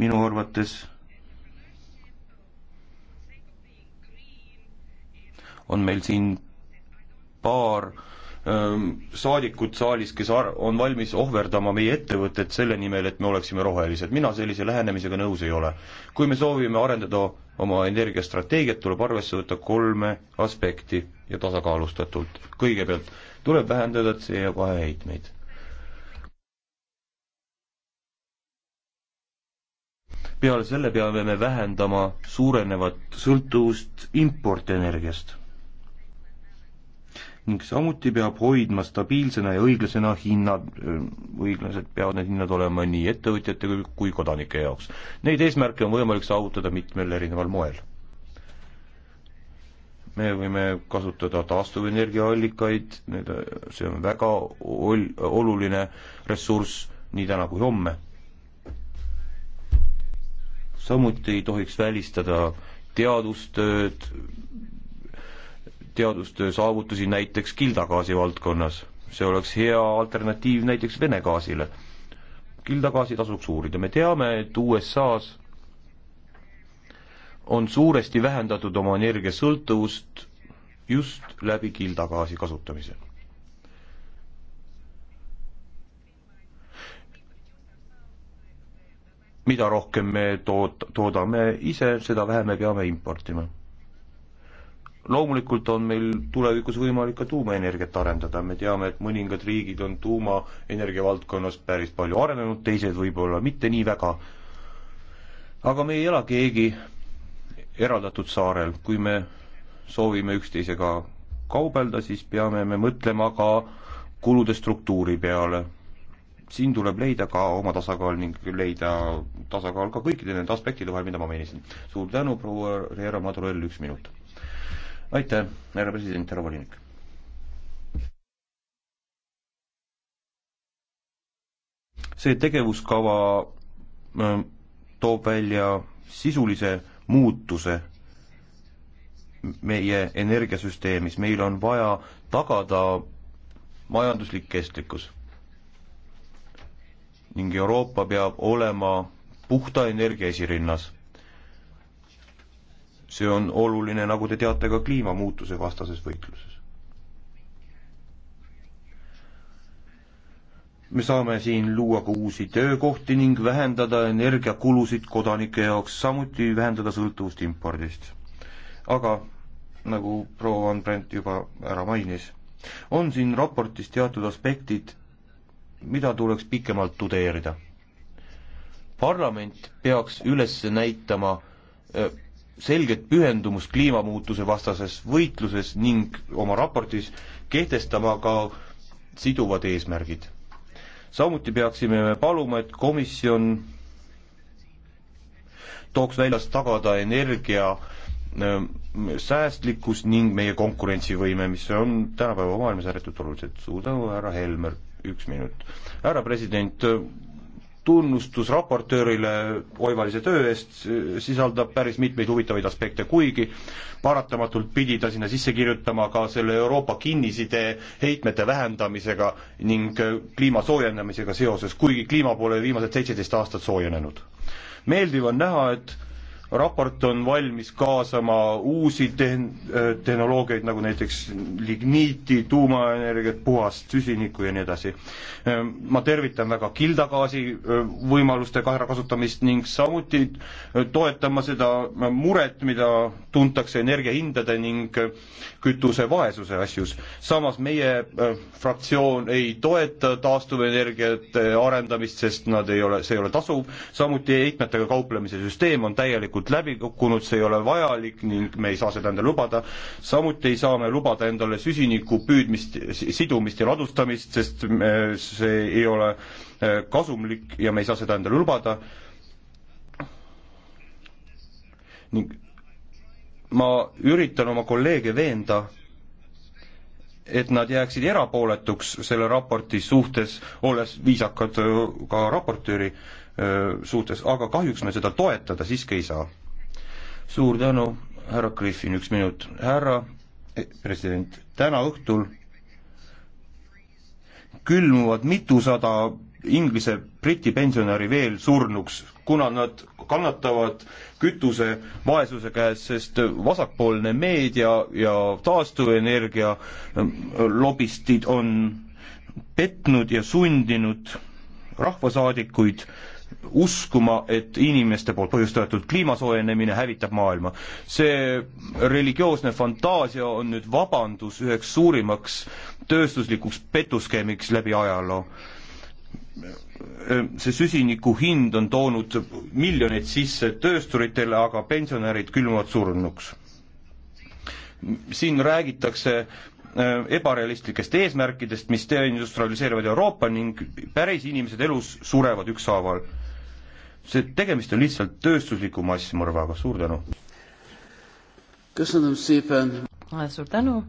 minu arvates on meil siin paar ähm, saadikud saalis, kes ar-, on valmis ohverdama meie ettevõtet selle nimel, et me oleksime rohelised. mina sellise lähenemisega nõus ei ole. kui me soovime arendada oma energiastrateegiat, tuleb arvesse võtta kolme aspekti ja tasakaalustatult. kõigepealt tuleb vähendada CO2 heitmeid peale selle peame me vähendama suurenevat sõltuvust importenergiast. ning samuti peab hoidma stabiilsena ja õiglasena hinnad, õiglased peavad need hinnad olema nii ettevõtjate kui, kui kodanike jaoks. Neid eesmärke on võimalik saavutada mitmel erineval moel. me võime kasutada taastuvenergiaallikaid, need, see on väga ol-, oluline ressurss nii täna kui homme samuti ei tohiks välistada teadustööd, teadustöö saavutusi näiteks kildagaasi valdkonnas. see oleks hea alternatiiv näiteks Vene gaasile. kildagaasi tasuks uurida, me teame, et USA-s on suuresti vähendatud oma energiasõltuvust just läbi kildagaasi kasutamise mida rohkem me tood-, toodame ise, seda vähem me peame importima. loomulikult on meil tulevikus võimalik ka tuumaenergiat arendada, me teame, et mõningad riigid on tuumaenergia valdkonnas päris palju arenenud, teised võib-olla mitte nii väga, aga me ei ela keegi eraldatud saarel, kui me soovime üksteisega kaubelda, siis peame me mõtlema ka kulude struktuuri peale siin tuleb leida ka oma tasakaal ning leida tasakaal ka kõikide nende aspektide vahel, mida ma mainisin. suur tänu, proua Riera Madurell, üks minut. aitäh, härra president, härra volinik. see tegevuskava toob välja sisulise muutuse meie energiasüsteemis, meil on vaja tagada majanduslik kestlikkus ning Euroopa peab olema puhta energia esirinnas. see on oluline, nagu te teate, ka kliimamuutuse vastases võitluses. me saame siin luua ka uusi töökohti ning vähendada energiakulusid kodanike jaoks, samuti vähendada sõltuvust impordist. aga nagu proua Anbrent juba ära mainis, on siin raportis teatud aspektid, mida tuleks pikemalt tudeerida. parlament peaks üles näitama selget pühendumust kliimamuutuse vastases võitluses ning oma raportis kehtestama ka siduvad eesmärgid. samuti peaksime me paluma, et komisjon tooks väljas tagada energia säästlikkus ning meie konkurentsivõime, mis on tänapäeva maailmas ääretult olulised. suur tänu, härra Helmer! üks minut. härra president, tunnustus raportöörile oivalise töö eest sisaldab päris mitmeid huvitavaid aspekte, kuigi paratamatult pidi ta sinna sisse kirjutama ka selle Euroopa kinniside heitmete vähendamisega ning kliima soojenemisega seoses, kuigi kliima pole viimased seitseteist aastat soojenenud. meeldiv on näha, et raport on valmis kaasama uusi tehn-, tehnoloogiaid, nagu näiteks ligniiti, tuumaenergiat, puhast süsinikku ja nii edasi. ma tervitan väga kildagaasi võimaluste kasutamist ning samuti toetama seda muret, mida tuntakse energiahindade ning kütusevaesuse asjus. samas meie fraktsioon ei toeta taastuvenergiate arendamist, sest nad ei ole, see ei ole tasuv, samuti heitmetega kauplemise süsteem on täielikult täielikult läbi kukkunud, see ei ole vajalik ning me ei saa seda endale lubada. samuti ei saa me lubada endale süsiniku püüdmist, sidumist ja ladustamist, sest see ei ole eh, kasumlik ja me ei saa seda endale lubada. ning ma üritan oma kolleege veenda et nad jääksid erapooletuks selle raporti suhtes, olles viisakad ka raportööri suhtes, aga kahjuks me seda toetada siiski ei saa. suur tänu, härra Griffin, üks minut. härra e, president, täna õhtul külmuvad mitusada Inglise, Briti pensionäri veel surnuks kuna nad kannatavad kütuse vaesuse käes, sest vasakpoolne meedia ja taastuvenergia ähm, lobistid on petnud ja sundinud rahvasaadikuid uskuma, et inimeste poolt põhjustatud kliima soojenemine hävitab maailma. see religioosne fantaasia on nüüd vabandus üheks suurimaks tööstuslikuks petuskeemiks läbi ajaloo see süsiniku hind on toonud miljoneid sisse töösturitele, aga pensionärid külmuvad surnuks. siin räägitakse äh, ebarealistlikest eesmärkidest, mis deindustrialiseerivad Euroopa ning päris inimesed elus surevad ükshaaval. see, tegemist on lihtsalt tööstusliku massmõrvaga, suur tänu! suur tänu!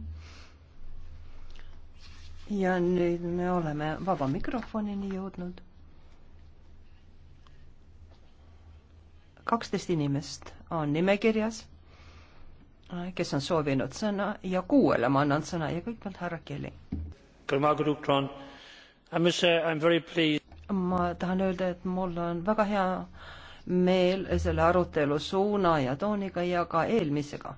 ja nüüd me oleme vaba mikrofonini jõudnud. kaksteist inimest on nimekirjas, kes on soovinud sõna ja kuuele ma annan sõna ja kõigepealt härra Kelly. ma tahan öelda, et mul on väga hea meel selle arutelu suuna ja tooniga ja ka eelmisega.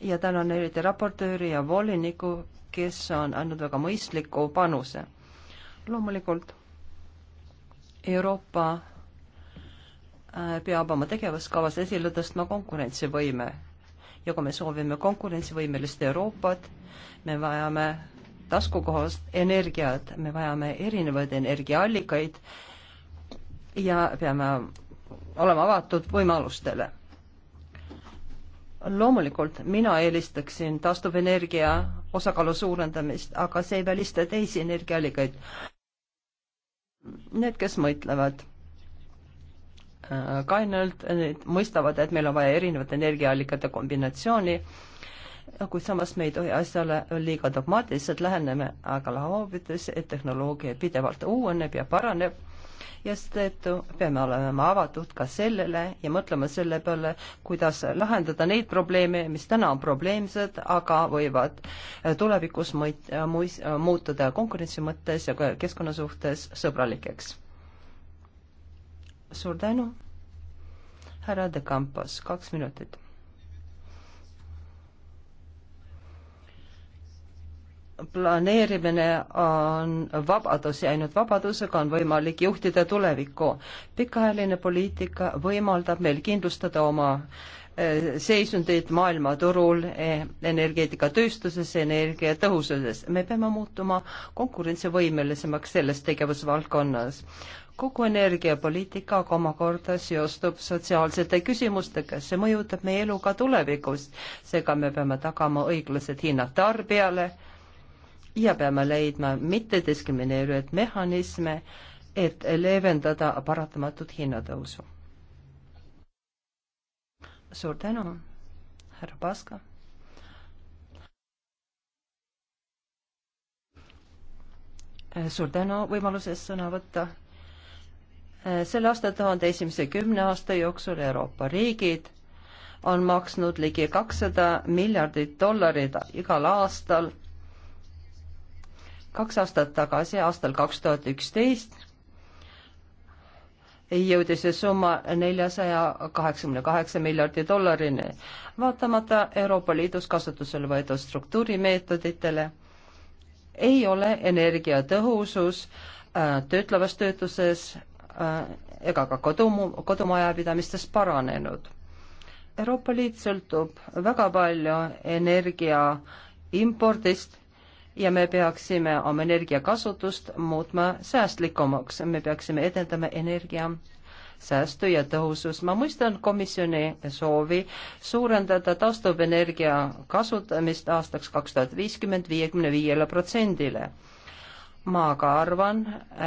ja tänan eriti raportööri ja voliniku kes on andnud väga mõistliku panuse. loomulikult Euroopa äh, peab oma tegevuskavas esile tõstma konkurentsivõime ja kui me soovime konkurentsivõimelist Euroopat, me vajame taskukohast energiat, me vajame erinevaid energiaallikaid ja peame olema avatud võimalustele. loomulikult mina eelistaksin taastuvenergia osakaalu suurendamist, aga see ei välista teisi energiaallikaid. Need, kes mõtlevad äh, kainelt, need mõistavad, et meil on vaja erinevate energiaallikate kombinatsiooni, kuid samas me ei tohi asjale liiga dogmaatiliselt läheneme, aga loovides, et tehnoloogia pidevalt uueneb ja paraneb ja seetõttu peame olema avatud ka sellele ja mõtlema selle peale, kuidas lahendada neid probleeme, mis täna on probleemsed, aga võivad äh, tulevikus mõit-, äh, muis-, äh, muutuda konkurentsi mõttes ja ka keskkonna suhtes sõbralikeks. suur tänu, härra De Campos, kaks minutit planeerimine on vabadus ja ainult vabadusega on võimalik juhtida tulevikku. pikaajaline poliitika võimaldab meil kindlustada oma eh, seisundit maailmaturul eh, energeetikatööstuses, energiatõhususes. me peame muutuma konkurentsivõimelisemaks selles tegevusvaldkonnas. kogu energiapoliitika aga omakorda seostub sotsiaalsete küsimustega, see mõjutab meie elu ka tulevikus. seega me peame tagama õiglased hinnad tarbijale ja peame leidma mittediskrimineerivaid mehhanisme, et leevendada paratamatut hinnatõusu. suur tänu, härra Paska. suur tänu võimaluse eest sõna võtta. selle aastatuhande esimese kümne aasta jooksul Euroopa riigid on maksnud ligi kakssada miljardit dollarit igal aastal kaks aastat tagasi, aastal kaks tuhat üksteist, jõudis see summa neljasaja kaheksakümne kaheksa miljardi dollarini, vaatamata Euroopa Liidus kasutusele võetud struktuurimeetoditele ei ole energiatõhusus äh, töötlevas töötuses äh, ega ka kodumu, kodumajapidamistes paranenud. Euroopa Liit sõltub väga palju energia impordist ja me peaksime oma energiakasutust muutma säästlikumaks, me peaksime edendama energia säästu ja tõhusus. ma mõistan komisjoni soovi suurendada taastuvenergia kasutamist aastaks kaks tuhat viiskümmend viiekümne viiele protsendile. ma aga arvan,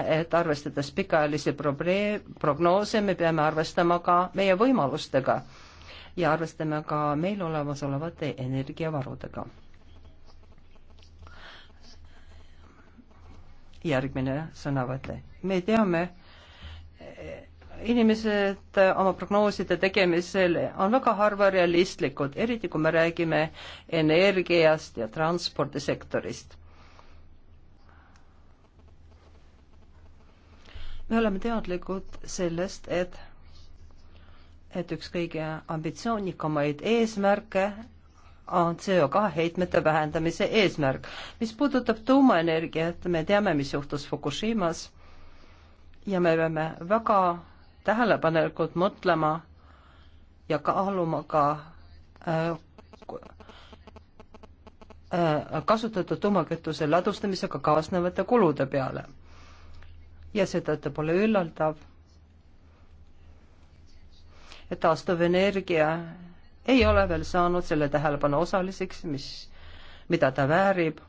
et arvestades pikaajalisi probleem, prognoose, me peame arvestama ka meie võimalustega ja arvestame ka meil olemasolevate energiavarudega järgmine sõnavõte. me teame, eh, inimesed eh, oma prognooside tegemisel on väga harva realistlikud, eriti kui me räägime energiast ja transpordisektorist. me oleme teadlikud sellest, et et üks kõige ambitsioonikamaid eesmärke on CO2 heitmete vähendamise eesmärk. mis puudutab tuumaenergiat, me teame, mis juhtus Fukushimas ja me peame väga tähelepanelikult mõtlema ja kaaluma ka äh, äh, kasutatud tuumakütuse ladustamisega kaasnevate kulude peale. ja seetõttu pole üllatav, et taastuvenergia ei ole veel saanud selle tähelepanu osaliseks, mis, mida ta väärib.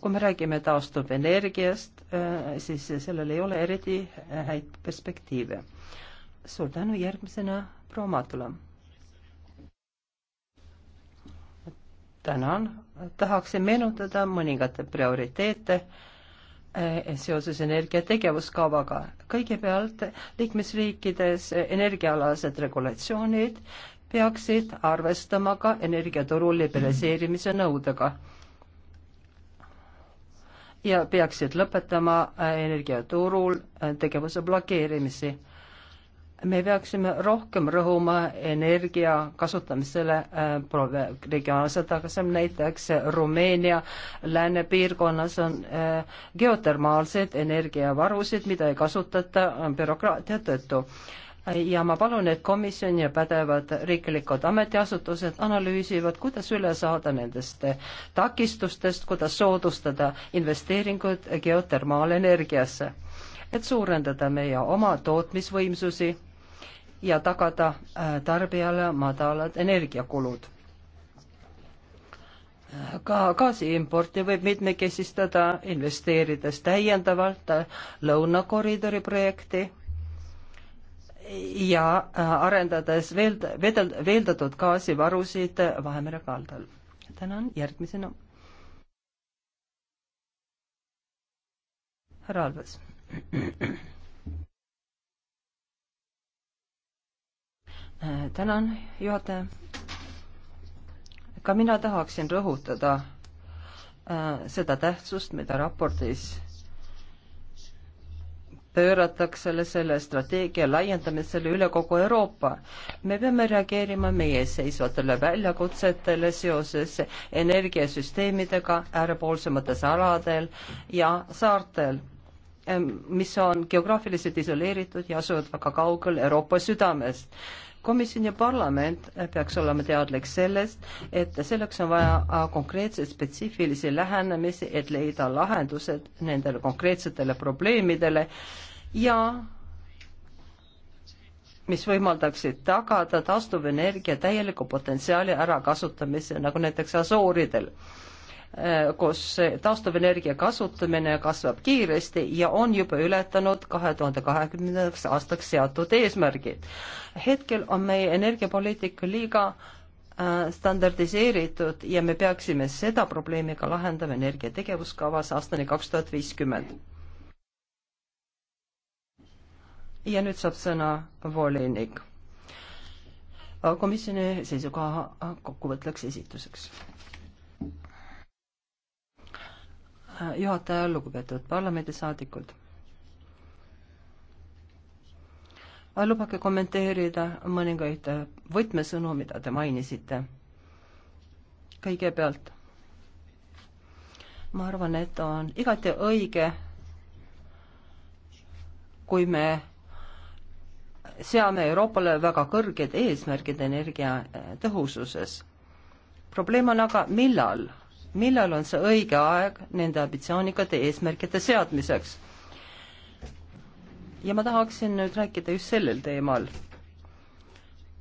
kui me räägime taastuvenergiast, eh, siis sellel ei ole eriti häid perspektiive. suur tänu, järgmisena proua Matula. tänan, tahaksin meenutada mõningate prioriteete eh, seoses energiategevuskavaga. kõigepealt liikmesriikides energiaalased regulatsioonid, peaksid arvestama ka energiaturu liberaliseerimise nõudega ja peaksid lõpetama äh, energiaturul äh, tegevuse blokeerimisi. me peaksime rohkem rõhuma energia kasutamisele äh, regionaalsel tasemel, näiteks Rumeenia läänepiirkonnas on äh, geotermaalseid energiavarusid, mida ei kasutata äh, bürokraatia tõttu ja ma palun, et komisjon ja pädevad riiklikud ametiasutused analüüsivad, kuidas üle saada nendest takistustest, kuidas soodustada investeeringuid geotermaalenergiasse, et suurendada meie oma tootmisvõimsusi ja tagada äh, tarbijale madalad energiakulud ka gaasiimporti võib mitmekesistada, investeerides täiendavalt lõunakoridori projekti ja äh, arendades veeld, vedel, veeldatud gaasivarusid Vahemere kaldal. tänan, järgmisena. härra Alves. Äh, tänan, juhataja. ka mina tahaksin rõhutada äh, seda tähtsust, mida raportis pööratakse selle strateegia laiendamisele üle kogu Euroopa. me peame reageerima meie seisvatele väljakutsetele seoses energiasüsteemidega äärepoolsemates aladel ja saartel, mis on geograafiliselt isoleeritud ja asuvad väga kaugel Euroopa südamest komisjon ja parlament peaks olema teadlik sellest, et selleks on vaja konkreetseid spetsiifilisi lähenemisi, et leida lahendused nendele konkreetsetele probleemidele ja mis võimaldaksid tagada taastuvenergia täieliku potentsiaali ärakasutamise, nagu näiteks Asooridel Äh, kus taastuvenergia kasutamine kasvab kiiresti ja on juba ületanud kahe tuhande kahekümnendaks aastaks seatud eesmärgid. hetkel on meie energiapoliitika liiga äh, standardiseeritud ja me peaksime seda probleemi ka lahendama energia tegevuskavas aastani kaks tuhat viiskümmend. ja nüüd saab sõna volinik äh, komisjoni seisukoha kokkuvõtleks esituseks. Äh, juhataja, lugupeetud parlamendisaadikud. Äh, lubage kommenteerida mõningaid äh, võtmesõnu, mida te mainisite. kõigepealt, ma arvan, et on igati õige, kui me seame Euroopale väga kõrged eesmärgid energia tõhususes. probleem on aga, millal millal on see õige aeg nende ambitsioonikate eesmärkide seadmiseks. ja ma tahaksin nüüd rääkida just sellel teemal.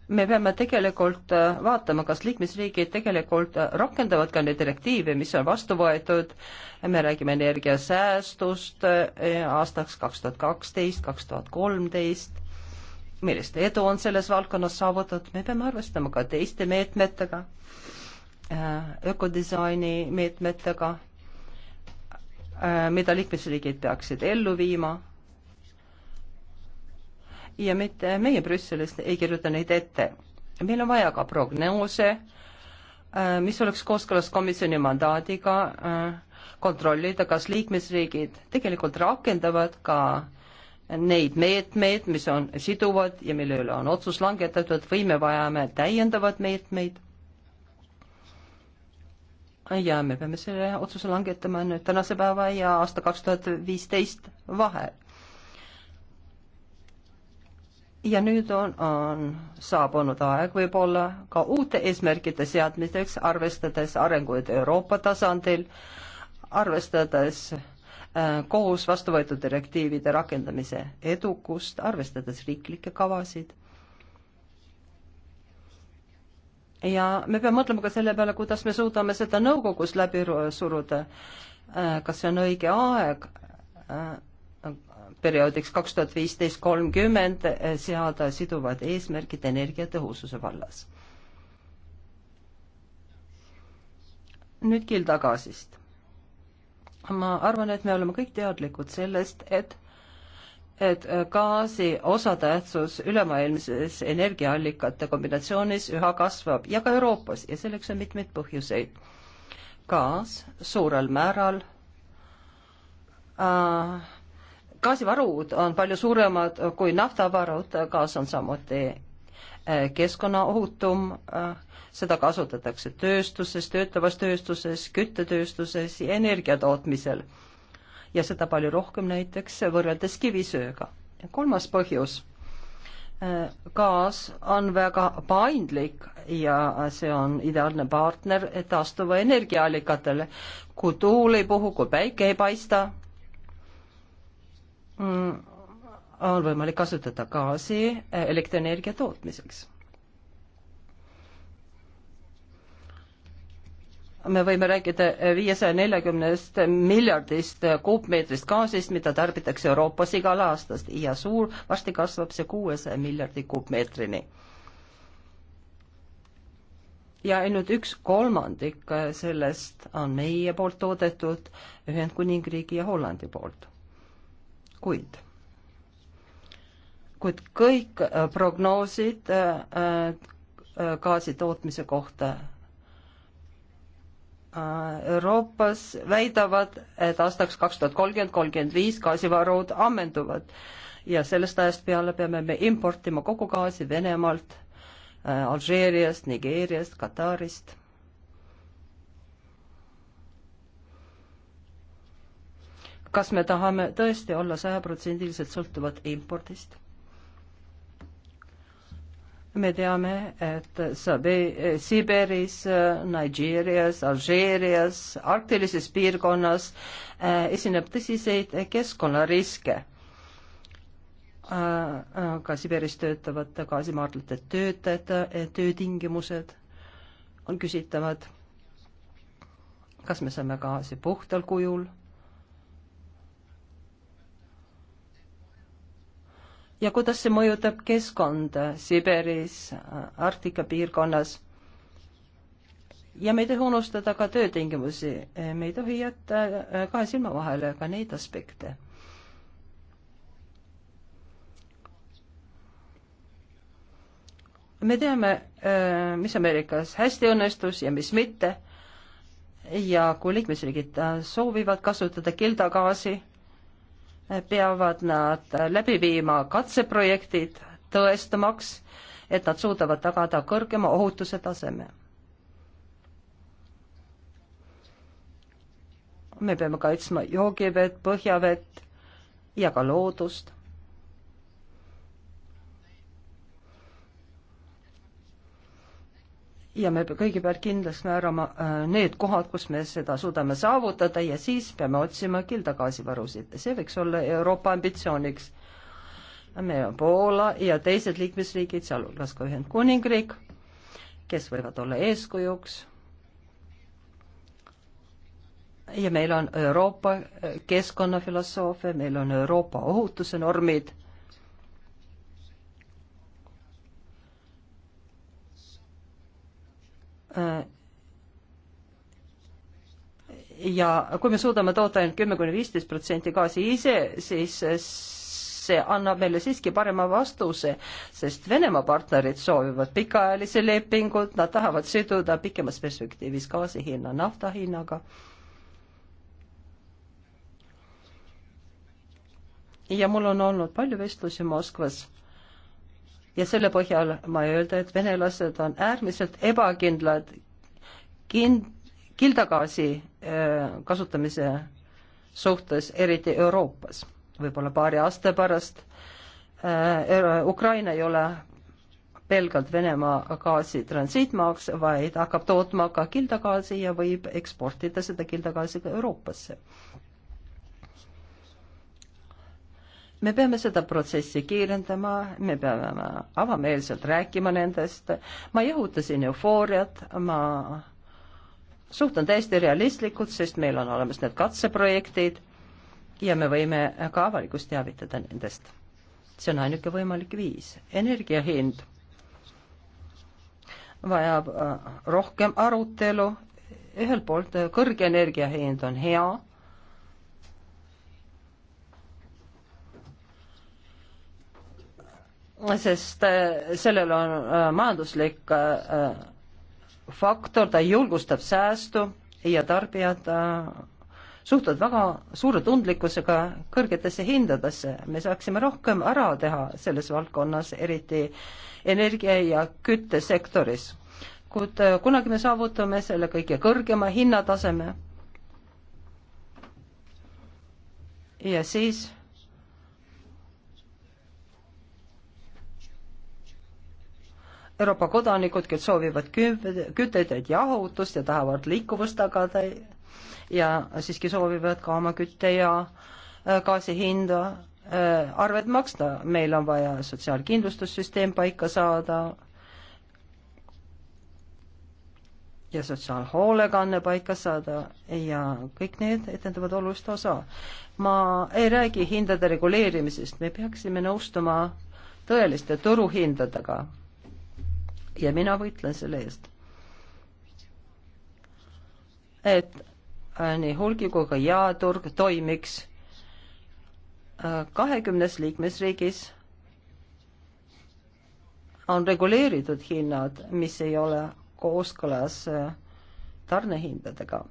me peame tegelikult äh, vaatama, kas liikmesriigid tegelikult äh, rakendavad ka neid direktiive, mis on vastu võetud, me räägime energiasäästust äh, aastaks kaks tuhat kaksteist, kaks tuhat kolmteist, millist edu on selles valdkonnas saavutatud, me peame arvestama ka teiste meetmetega Äh, ökodisaini meetmetega, äh, mida liikmesriigid peaksid ellu viima ja mitte meie Brüsselist ei kirjuta neid ette. meil on vaja ka prognoose, äh, mis oleks kooskõlas komisjoni mandaadiga, kontrollida, kas liikmesriigid tegelikult rakendavad ka neid meetmeid, mis on siduvad ja mille üle on otsus langetatud või me vajame täiendavad meetmeid ja me peame selle otsuse langetama nüüd tänase päeva ja aasta kaks tuhat viisteist vahel. ja nüüd on, on saabunud aeg võib-olla ka uute eesmärkide seadmiseks, arvestades arenguid Euroopa tasandil, arvestades äh, kohus vastu võetud direktiivide rakendamise edukust, arvestades riiklikke kavasid ja me peame mõtlema ka selle peale, kuidas me suudame seda nõukogus läbi suruda. Äh, kas see on õige aeg äh, perioodiks kaks tuhat viisteist kolmkümmend äh, seada siduvad eesmärgid energiatõhususe vallas? nüüd Gilda gaasist. ma arvan, et me oleme kõik teadlikud sellest, et et äh, gaasi osatähtsus ülemaailmses energiaallikate kombinatsioonis üha kasvab ja ka Euroopas ja selleks on mitmeid põhjuseid. gaas suurel määral äh, gaasivarud on palju suuremad kui naftavarud, gaas on samuti äh, keskkonnaohutum, äh, seda kasutatakse tööstuses, töötlevas tööstuses, küttetööstuses ja energiatootmisel ja seda palju rohkem näiteks võrreldes kivisööga. kolmas põhjus, äh, gaas on väga paindlik ja see on ideaalne partner taastuva energiaallikatele. kui tuul ei puhu, kui päike ei paista, mm, on võimalik kasutada gaasi elektrienergia tootmiseks me võime rääkida viiesaja neljakümnest miljardist kuupmeetrist gaasist, mida tarbitakse Euroopas igal aastast ja suur, varsti kasvab see kuuesaja miljardi kuupmeetrini. ja ainult üks kolmandik sellest on meie poolt toodetud Ühendkuningriigi ja Hollandi poolt. kuid kuid kõik prognoosid äh, äh, gaasi tootmise kohta Euroopas väidavad, et aastaks kaks tuhat kolmkümmend, kolmkümmend viis gaasivarud ammenduvad ja sellest ajast peale peame me importima kogu gaasi Venemaalt, äh, Alžeeriast, Nigeeriast, Katarist. kas me tahame tõesti olla sajaprotsendiliselt sõltuvad impordist? me teame, et Sabi-, Siberis, Nigeerias, Alžeerias, arktilises piirkonnas eh, esineb tõsiseid keskkonnariske eh, eh, ka Siberis töötavate gaasimaardlate töötajate töötingimused on küsitavad. kas me saame gaasi puhtal kujul ja kuidas see mõjutab keskkonda Siberis, Arktika piirkonnas. ja me ei tohi unustada ka töötingimusi, me ei tohi jätta äh, kahe silma vahele ka neid aspekte. me teame, äh, mis Ameerikas hästi õnnestus ja mis mitte ja kui liikmesriigid soovivad kasutada kildagaasi, peavad nad läbi viima katseprojektid, tõestamaks, et nad suudavad tagada kõrgema ohutuse taseme. me peame kaitsma joogivett, põhjavett ja ka loodust ja me kõigepealt kindlaks määrama äh, need kohad, kus me seda suudame saavutada ja siis peame otsima kildagaasivarusid. see võiks olla Euroopa ambitsiooniks. meil on Poola ja teised liikmesriigid, sealhulgas ka Ühendkuningriik, kes võivad olla eeskujuks. ja meil on Euroopa äh, keskkonnafilosoofia, meil on Euroopa ohutuse normid Äh, ja kui me suudame toota ainult kümme kuni viisteist protsenti gaasi ise, siis see annab meile siiski parema vastuse, sest Venemaa partnerid soovivad pikaajalisi lepinguid, nad tahavad siduda pikemas perspektiivis gaasi hinna nafta hinnaga. ja mul on olnud palju vestlusi Moskvas ja selle põhjal ma ei öelda, et venelased on äärmiselt ebakindlad kind-, kildagaasi äh, kasutamise suhtes, eriti Euroopas. võib-olla paari aasta pärast äh, Ukraina ei ole pelgalt Venemaa gaasi transiitmaaks, vaid hakkab tootma ka kildagaasi ja võib eksportida seda kildagaasi ka Euroopasse me peame seda protsessi kiirendama, me peame avameelselt rääkima nendest, ma jõutasin eufooriat, ma suhtun täiesti realistlikult, sest meil on olemas need katseprojektid ja me võime ka avalikkust teavitada nendest. see on ainuke võimalik viis. energia hind vajab äh, rohkem arutelu, ühelt poolt äh, kõrge energia hind on hea sest äh, sellel on äh, majanduslik äh, faktor, ta julgustab säästu ja tarbijad suhtuvad väga suure tundlikkusega kõrgetesse hindadesse. me saaksime rohkem ära teha selles valdkonnas, eriti energia- ja küttesektoris. kuid kunagi me saavutame selle kõige kõrgema hinnataseme. ja siis Euroopa kodanikud, kes soovivad kütet ja jahutust ja tahavad liikuvust tagada ja siiski soovivad ka oma kütte ja äh, gaasi hinda äh, arved maksta, meil on vaja sotsiaalkindlustussüsteem paika saada ja sotsiaalhoolekanne paika saada ja kõik need etendavad olulist osa. ma ei räägi hindade reguleerimisest, me peaksime nõustuma tõeliste turuhindadega ja mina võitlen selle eest, et äh, nii hulgi kui ka jaeturg toimiks äh, kahekümnes liikmesriigis on reguleeritud hinnad, mis ei ole kooskõlas äh, tarnehindadega.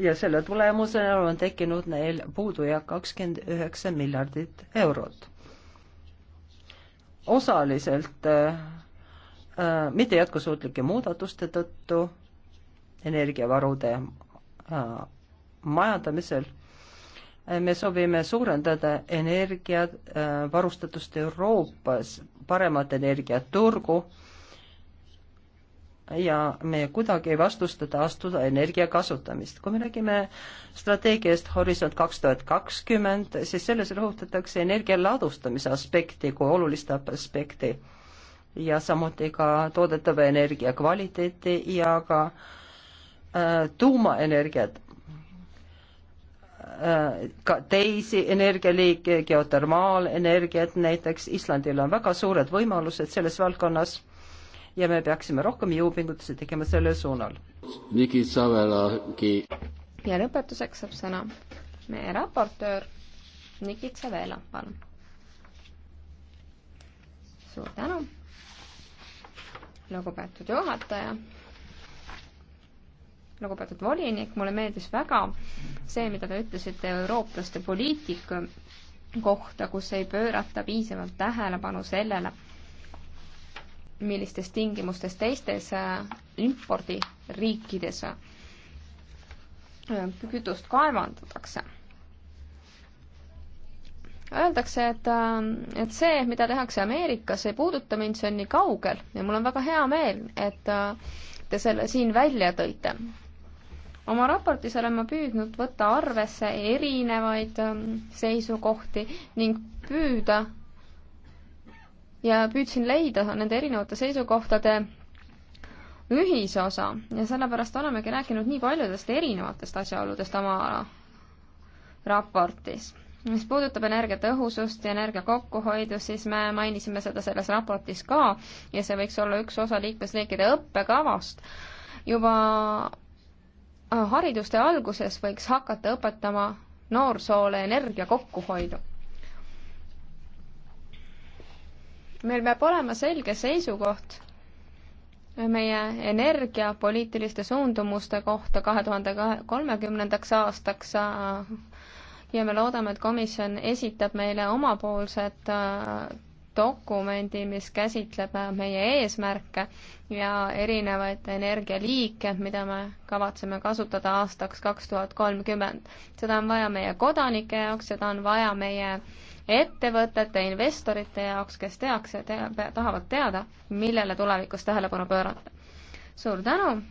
ja selle tulemusena on tekkinud neil puudujääk kakskümmend üheksa miljardit eurot osaliselt äh, äh, mitte jätkusuutlike muudatuste tõttu energiavarude äh, majandamisel me soovime suurendada energiavarustatust Euroopas, paremat energiaturgu äh, ja me kuidagi ei vastusta taastuda energia kasutamist. kui me räägime strateegiast Horisont kaks tuhat kakskümmend, siis selles rõhutatakse energia ladustamise aspekti kui olulist aspekti ja samuti ka toodetava energia kvaliteeti ja ka äh, tuumaenergiat äh, ka teisi energialiike, geotermaalenergiat näiteks, Islandil on väga suured võimalused selles valdkonnas ja me peaksime rohkem jõupingutusi tegema sellel suunal. ja lõpetuseks saab sõna meie raportöör Nikita Vela, palun. suur tänu, lugupeetud juhataja lugupeetud volinik, mulle meeldis väga see, mida te ütlesite eurooplaste poliitika kohta, kus ei pöörata piisavalt tähelepanu sellele, millistes tingimustes teistes äh, impordiriikides äh, kütust kaevandatakse. Öeldakse, et, äh, et see, mida tehakse Ameerikas, ei puuduta mind, see on nii kaugel ja mul on väga hea meel, et te selle siin välja tõite. oma raportis olen ma püüdnud võtta arvesse erinevaid seisukohti ning püüda ja püüdsin leida nende erinevate seisukohtade ühisosa ja sellepärast olemegi rääkinud nii paljudest erinevatest asjaoludest oma raportis. mis puudutab energiatõhusust ja energia kokkuhoidu, siis me mainisime seda selles raportis ka ja see võiks olla üks osa liikmesriikide õppekavast. juba hariduste alguses võiks hakata õpetama noorsoole energia kokkuhoidu meil peab olema selge seisukoht meie energiapoliitiliste suundumuste kohta kahe tuhande kolmekümnendaks aastaks äh, ja me loodame, et komisjon esitab meile omapoolsed äh, dokumendi, mis käsitleb äh, meie eesmärke ja erinevaid energialiike, mida me kavatseme kasutada aastaks kaks tuhat kolmkümmend. seda on vaja meie kodanike jaoks, seda on vaja meie äh, ettevõtete, investorite jaoks, kes tehakse te,, tahavad teada, millele tulevikus tähelepanu pöörata. suur tänu,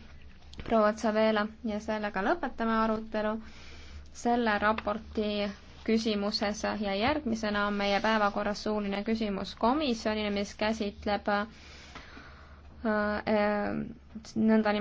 proua Otsa-Veela ja sellega lõpetame arutelu selle raporti küsimuses ja järgmisena on meie päevakorras suuline küsimus komisjonile, mis käsitleb äh, äh, nõndanimetatud